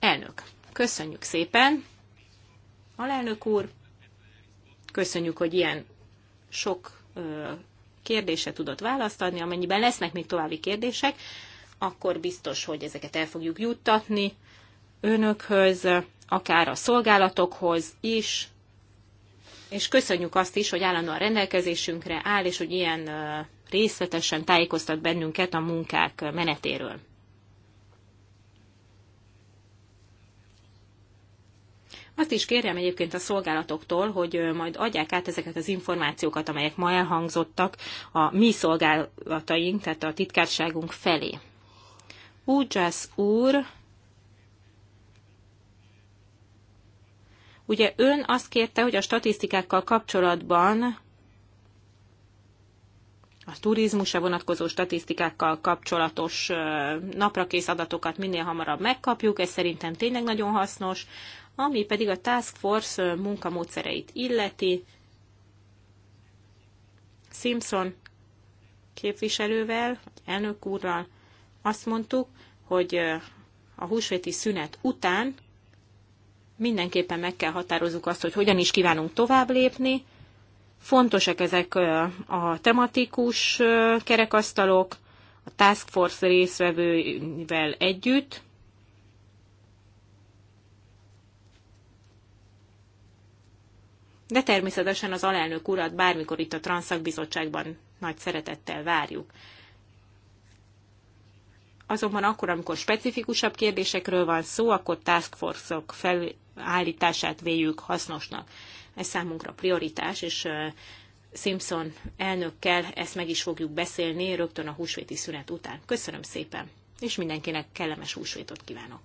Elnök, köszönjük szépen. Alelnök úr, köszönjük, hogy ilyen sok ö, kérdése tudott választ adni. Amennyiben lesznek még további kérdések, akkor biztos, hogy ezeket el fogjuk juttatni önökhöz akár a szolgálatokhoz is, és köszönjük azt is, hogy állandóan rendelkezésünkre áll, és hogy ilyen részletesen tájékoztat bennünket a munkák menetéről. Azt is kérjem egyébként a szolgálatoktól, hogy majd adják át ezeket az információkat, amelyek ma elhangzottak a mi szolgálataink, tehát a titkárságunk felé. Úgy úr Ugye ön azt kérte, hogy a statisztikákkal kapcsolatban a turizmusra vonatkozó statisztikákkal kapcsolatos naprakész adatokat minél hamarabb megkapjuk, ez szerintem tényleg nagyon hasznos, ami pedig a Task Force munkamódszereit illeti. Simpson képviselővel, vagy elnök úrral azt mondtuk, hogy a húsvéti szünet után mindenképpen meg kell határozzuk azt, hogy hogyan is kívánunk tovább lépni. Fontosak ezek a tematikus kerekasztalok, a Task Force részvevővel együtt. De természetesen az alelnök urat bármikor itt a Transzakbizottságban nagy szeretettel várjuk. Azonban akkor, amikor specifikusabb kérdésekről van szó, akkor task force-ok -ok fel, állítását véljük hasznosnak. Ez számunkra prioritás, és Simpson elnökkel ezt meg is fogjuk beszélni rögtön a húsvéti szünet után. Köszönöm szépen, és mindenkinek kellemes húsvétot kívánok!